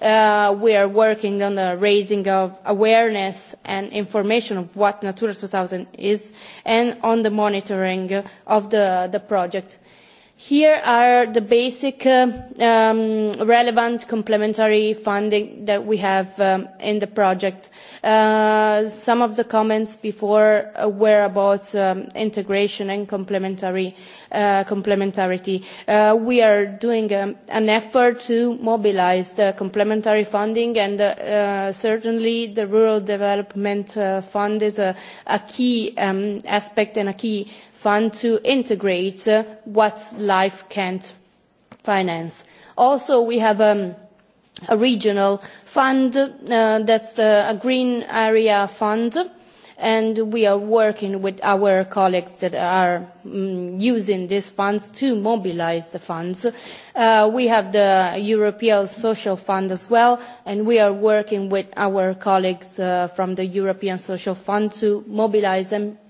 uh, we are working on the raising of awareness and information of what Natura 2000 is and on the monitoring of the, the project. Here are the basic uh, um, relevant complementary funding that we have um, in the project. Uh, some of the comments before uh, were about um, integration and complementary, uh, complementarity. Uh, we are doing um, an effort to mobilize the complementary funding and uh, uh, certainly the rural development uh, fund is a, a key um, aspect and a key fund to integrate uh, what life can't finance. Also, we have um, a regional fund uh, that's the, a green area fund and we are working with our colleagues that are um, using these funds to mobilize the funds. Uh, we have the European Social Fund as well, and we are working with our colleagues uh, from the European Social Fund to mobilize them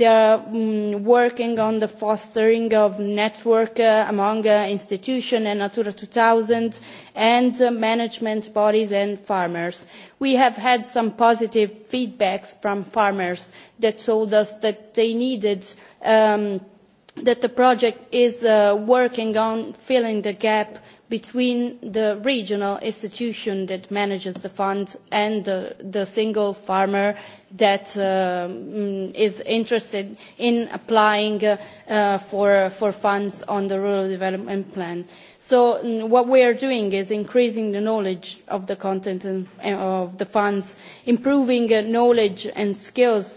they are um, mm, working on the fostering of network uh, among uh, institutions and Natura 2000 and uh, management bodies and farmers. We have had some positive feedbacks from farmers that told us that they needed um, that the project is uh, working on filling the gap uh, between the regional institution that manages the fund and the, the single farmer that uh, mm, is interested in applying uh, for, for funds on the rural development plan. So mm, what we are doing is increasing the knowledge of the content and uh, of the funds, improving uh, knowledge and skills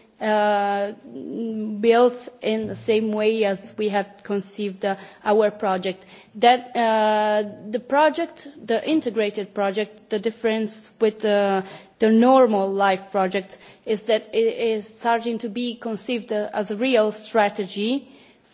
Uh, built in the same way as we have conceived uh, our project. Uh, the project, the integrated project, the difference with the normal life project is that it is starting to be conceived as a real strategy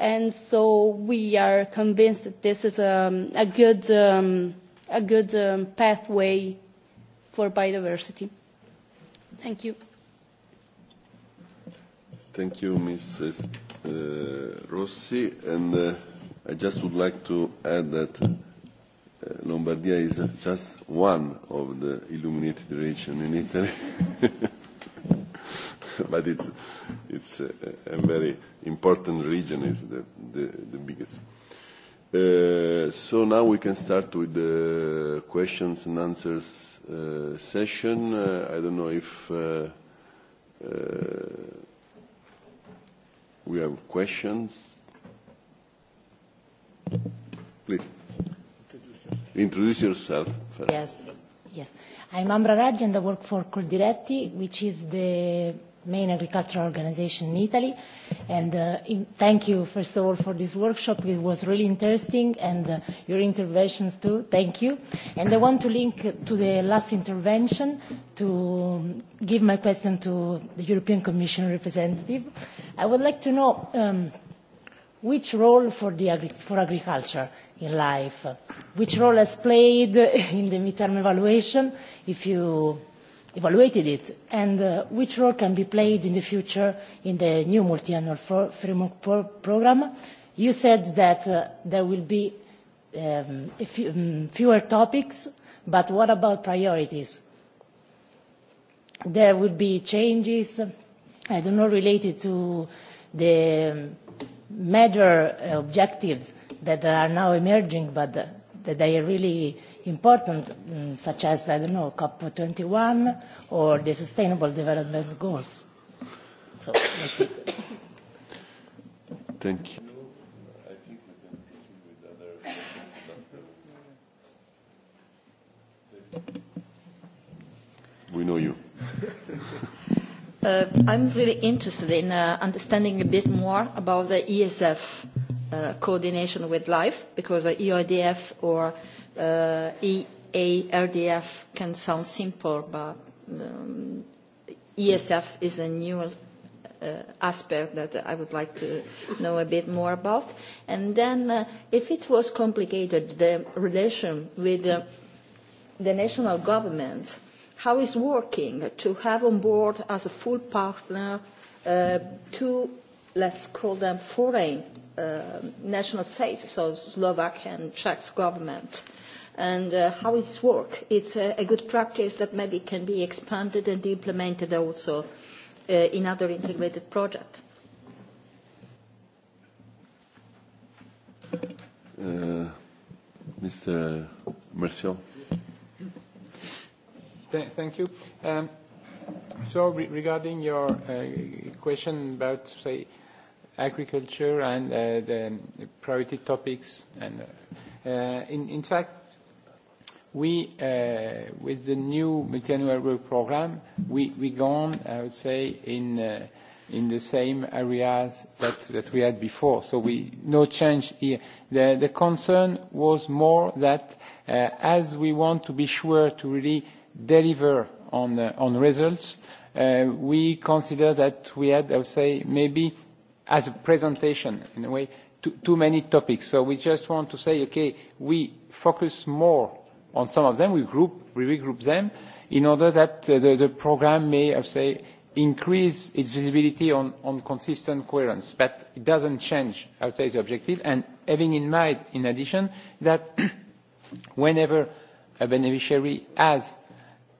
and so we are convinced that this is um, a good um, um, pathway for biodiversity. Thank you. Thank you, Mrs. Uh, Rossi. Uh, I just would like to add that uh, Lombardy is just one of the illuminated region in Italy. <laughs> <laughs> but it's it's a, a very important region. It's the the, the biggest. Uh, so now we can start with the questions and answers uh, session. Uh, I don't know if uh, uh, we have questions. Please. Introduce yourself first. Yes, yes. I'm Ambra Raj and I work for Coldiretti, which is the main agricultural organization in Italy. And uh, in, thank you, first of all, for this workshop. It was really interesting, and uh, your interventions too. Thank you. And I want to link to the last intervention to um, give my question to the European Commission representative. I would like to know um, which role for, the agri- for agriculture in life, which role has played <laughs> in the midterm evaluation, if you evaluated it and uh, which role can be played in the future in the new multi-annual framework pro program. You said that uh, there will be um, a few, um, fewer topics, but what about priorities? There would be changes, I don't know, related to the major uh, objectives that are now emerging, but uh, that they really important, mm, such as, I don't know, COP21 or the Sustainable Development Goals. So, that's it. Thank you. We know you. <laughs> uh, I'm really interested in uh, understanding a bit more about the ESF uh, coordination with life, because the uh, EIDF or uh, Uh, EADF can sound simple, but um, ESF is a new uh, aspect that I would like to know a bit more about. And then uh, if it was complicated, the relation with uh, the national government, how is working to have on board as a full partner uh, two, let's call them foreign uh, national states, so Slovak and Czech governments, and uh, how it's work. It's a, a good practice that maybe can be expanded and implemented also uh, in other integrated projects. Uh, Mr. Mercier. Th thank you. Um, so re regarding your uh, question about, say, agriculture and uh, the priority topics, and uh, uh, in, in fact, Uh, with the new multi-annual growth program, we gone, I would say, uh, in the same areas that we had before. No change here. The concern was more that, uh, as we want to be sure to really deliver on results, we consider that we had, I would say, maybe as a presentation, in a way, too many topics. We just want to say, okay, we focus more on some of them, we group, we regroup them in order that uh, the, the program may, I say, increase its visibility on, on consistent coherence. But it doesn't change, I would say, the objective. And having in mind, in addition, that <clears throat> whenever a beneficiary has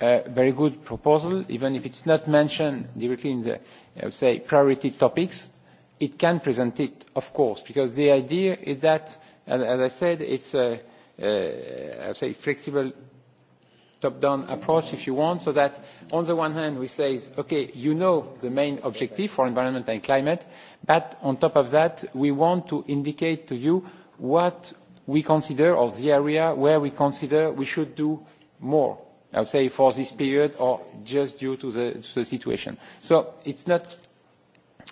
a very good proposal, even if it's not mentioned directly in the, I would say, priority topics, it can present it, of course, because the idea is that, as I said, it's a, Uh, I'll say, flexible top-down approach, if you want, so that on the one hand, we say, "Okay, you know the main objective for environment and climate, but on top of that, we want to indicate to you what we consider or the area where we consider we should do more," I'll say, "for this period or just due to the situation." So it's not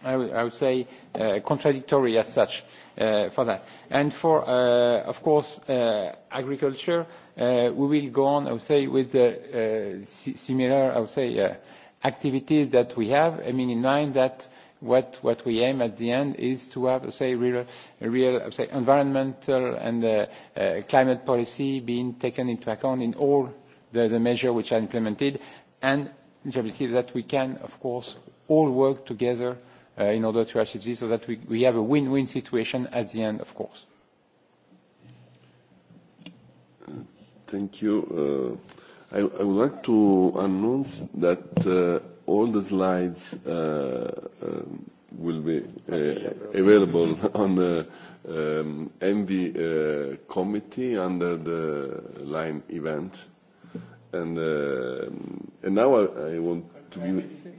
I would, I would say, uh, contradictory as such uh, for that. And for, uh, of course, uh, agriculture, uh, we will go on, I would say, with the uh, uh, similar, I would say, uh, activities that we have. I mean, in mind that what, what we aim at the end is to have, say, real, real say, environmental and uh, uh, climate policy being taken into account in all the, the measures which are implemented, and the objective that we can, of course, all work together uh, Uh, in order to achieve this so that we have a win-win situation at the end, of course. Thank you. Uh, I would like to announce that uh, all the slides um, will be available <laughs> on the ENVI um, committee under the line event. Um, now I want to give- Can I add anything?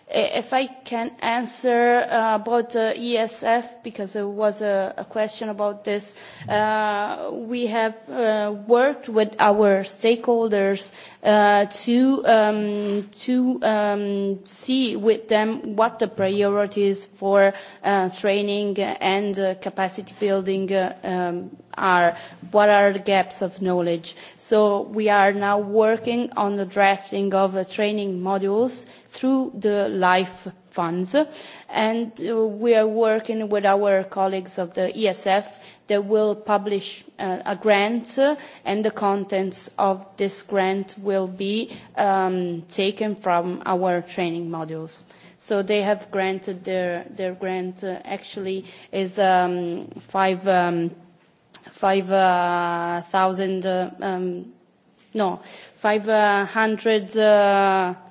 Uh, If I can answer uh, about uh, ESF, because there was a, a question about this, uh, we have uh, worked with our stakeholders uh, to um, to um, see with them what the priorities for uh, training and uh, capacity building uh, um, are, what are the gaps of knowledge. So we are now working on the drafting of uh, training modules uh, through the life funds and uh, we are working with our colleagues of the ESF that will publish uh, a grant uh, and the contents of this grant will be um, taken from our training modules. So they have granted their, their grant uh, actually is um, 5,000, um, 5, uh, uh, um, no, 500 uh, uh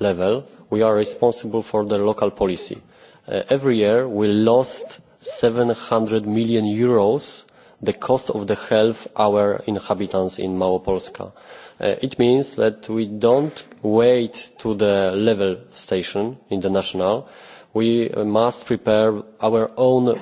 level we are responsible for the local policy. Uh, every year we lost eur seven hundred million the cost of the health of our inhabitants in małopolska. Uh, it means that we do not wait for the level station in the national we uh, must prepare our own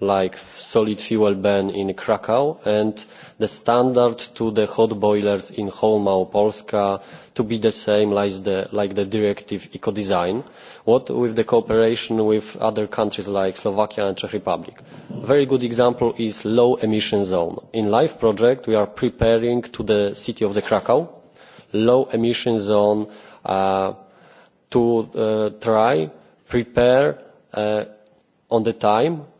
like solid fuel ban in Krakow and the standard to the hot boilers in Holmau, Polska to be the same like the, like the directive eco-design? What with the cooperation with other countries like Slovakia and Czech Republic? A very good example is low emission zone. In LIFE project we are preparing to the city of the Krakow low emission zone uh, to uh, try prepare uh, on the time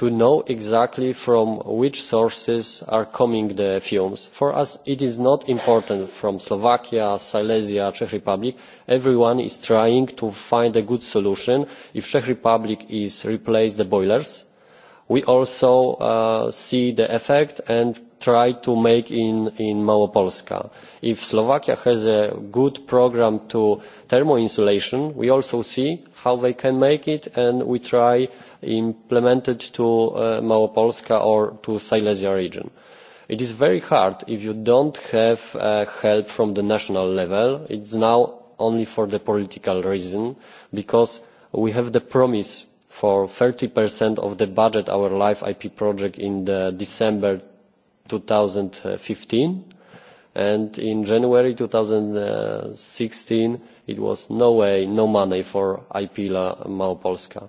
to know exactly from which sources the fumes come. for us it is not important whether from slovakia silesia or the czech republic everyone is trying to find a good solution. if the czech republic replaces the boilers we also uh, see the effect and try to make it in małopolska. if slovakia has a good programme for thermal insulation we also see how they can make it and we try implemented to uh, Małopolska or to Silesia region. It is very hard if you don't have uh, help from the national level. It's now only for the political reason, because we have the promise for 30% of the budget our live IP project in the December 2015. And in January 2016, it was no way, no money for IP La Małopolska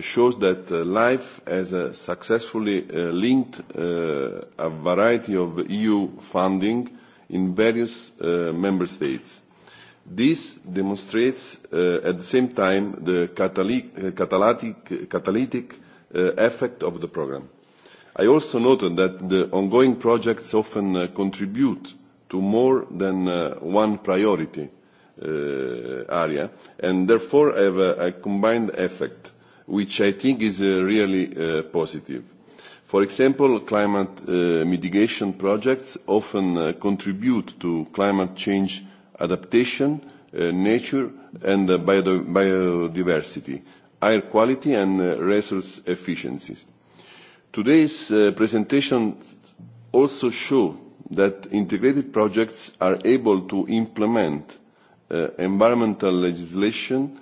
shows that uh, life has successfully uh, linked uh, a variety of EU funding in various member states. This demonstrates at the same time the catalytic effect of the programme. I also noted that the ongoing projects often contribute to more than one priority area, and therefore have a combined effect which I think is uh, really uh, positive. For example, climate uh, mitigation projects often uh, contribute to climate change adaptation, uh, nature and uh, biodi biodiversity, air quality and uh, resource efficiency. Today's uh, presentation also show that integrated projects are able to implement uh, environmental legislation uh,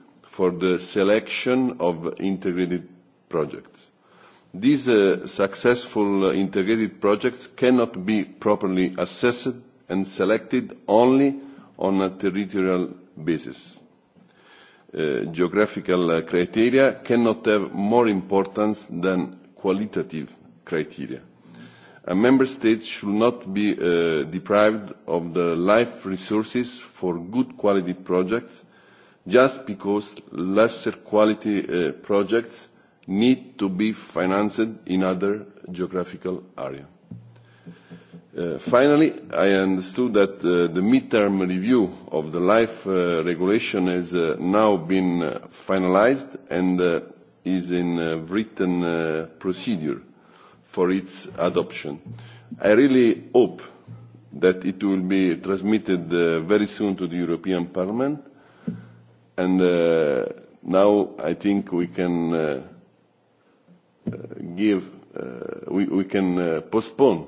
for the selection of integrated projects. These uh, successful uh, integrated projects cannot be properly assessed and selected only on a territorial basis. Uh, geographical uh, criteria cannot have more importance than qualitative criteria. A member state should not be uh, deprived of the life resources for good quality projects just because lesser quality uh, projects need to be financed in other geographical area. Uh, finally, I understood that uh, the midterm review of the life regulation has now been finalized and is in written procedure for its adoption. I really hope that it will be transmitted very soon to the European Parliament, Uh, now I think we can uh, uh, give, we can postpone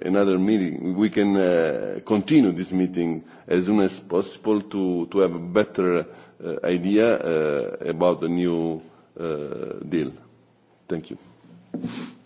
another meeting. We can continue this meeting as soon as possible to have a better idea about the new deal. Thank you.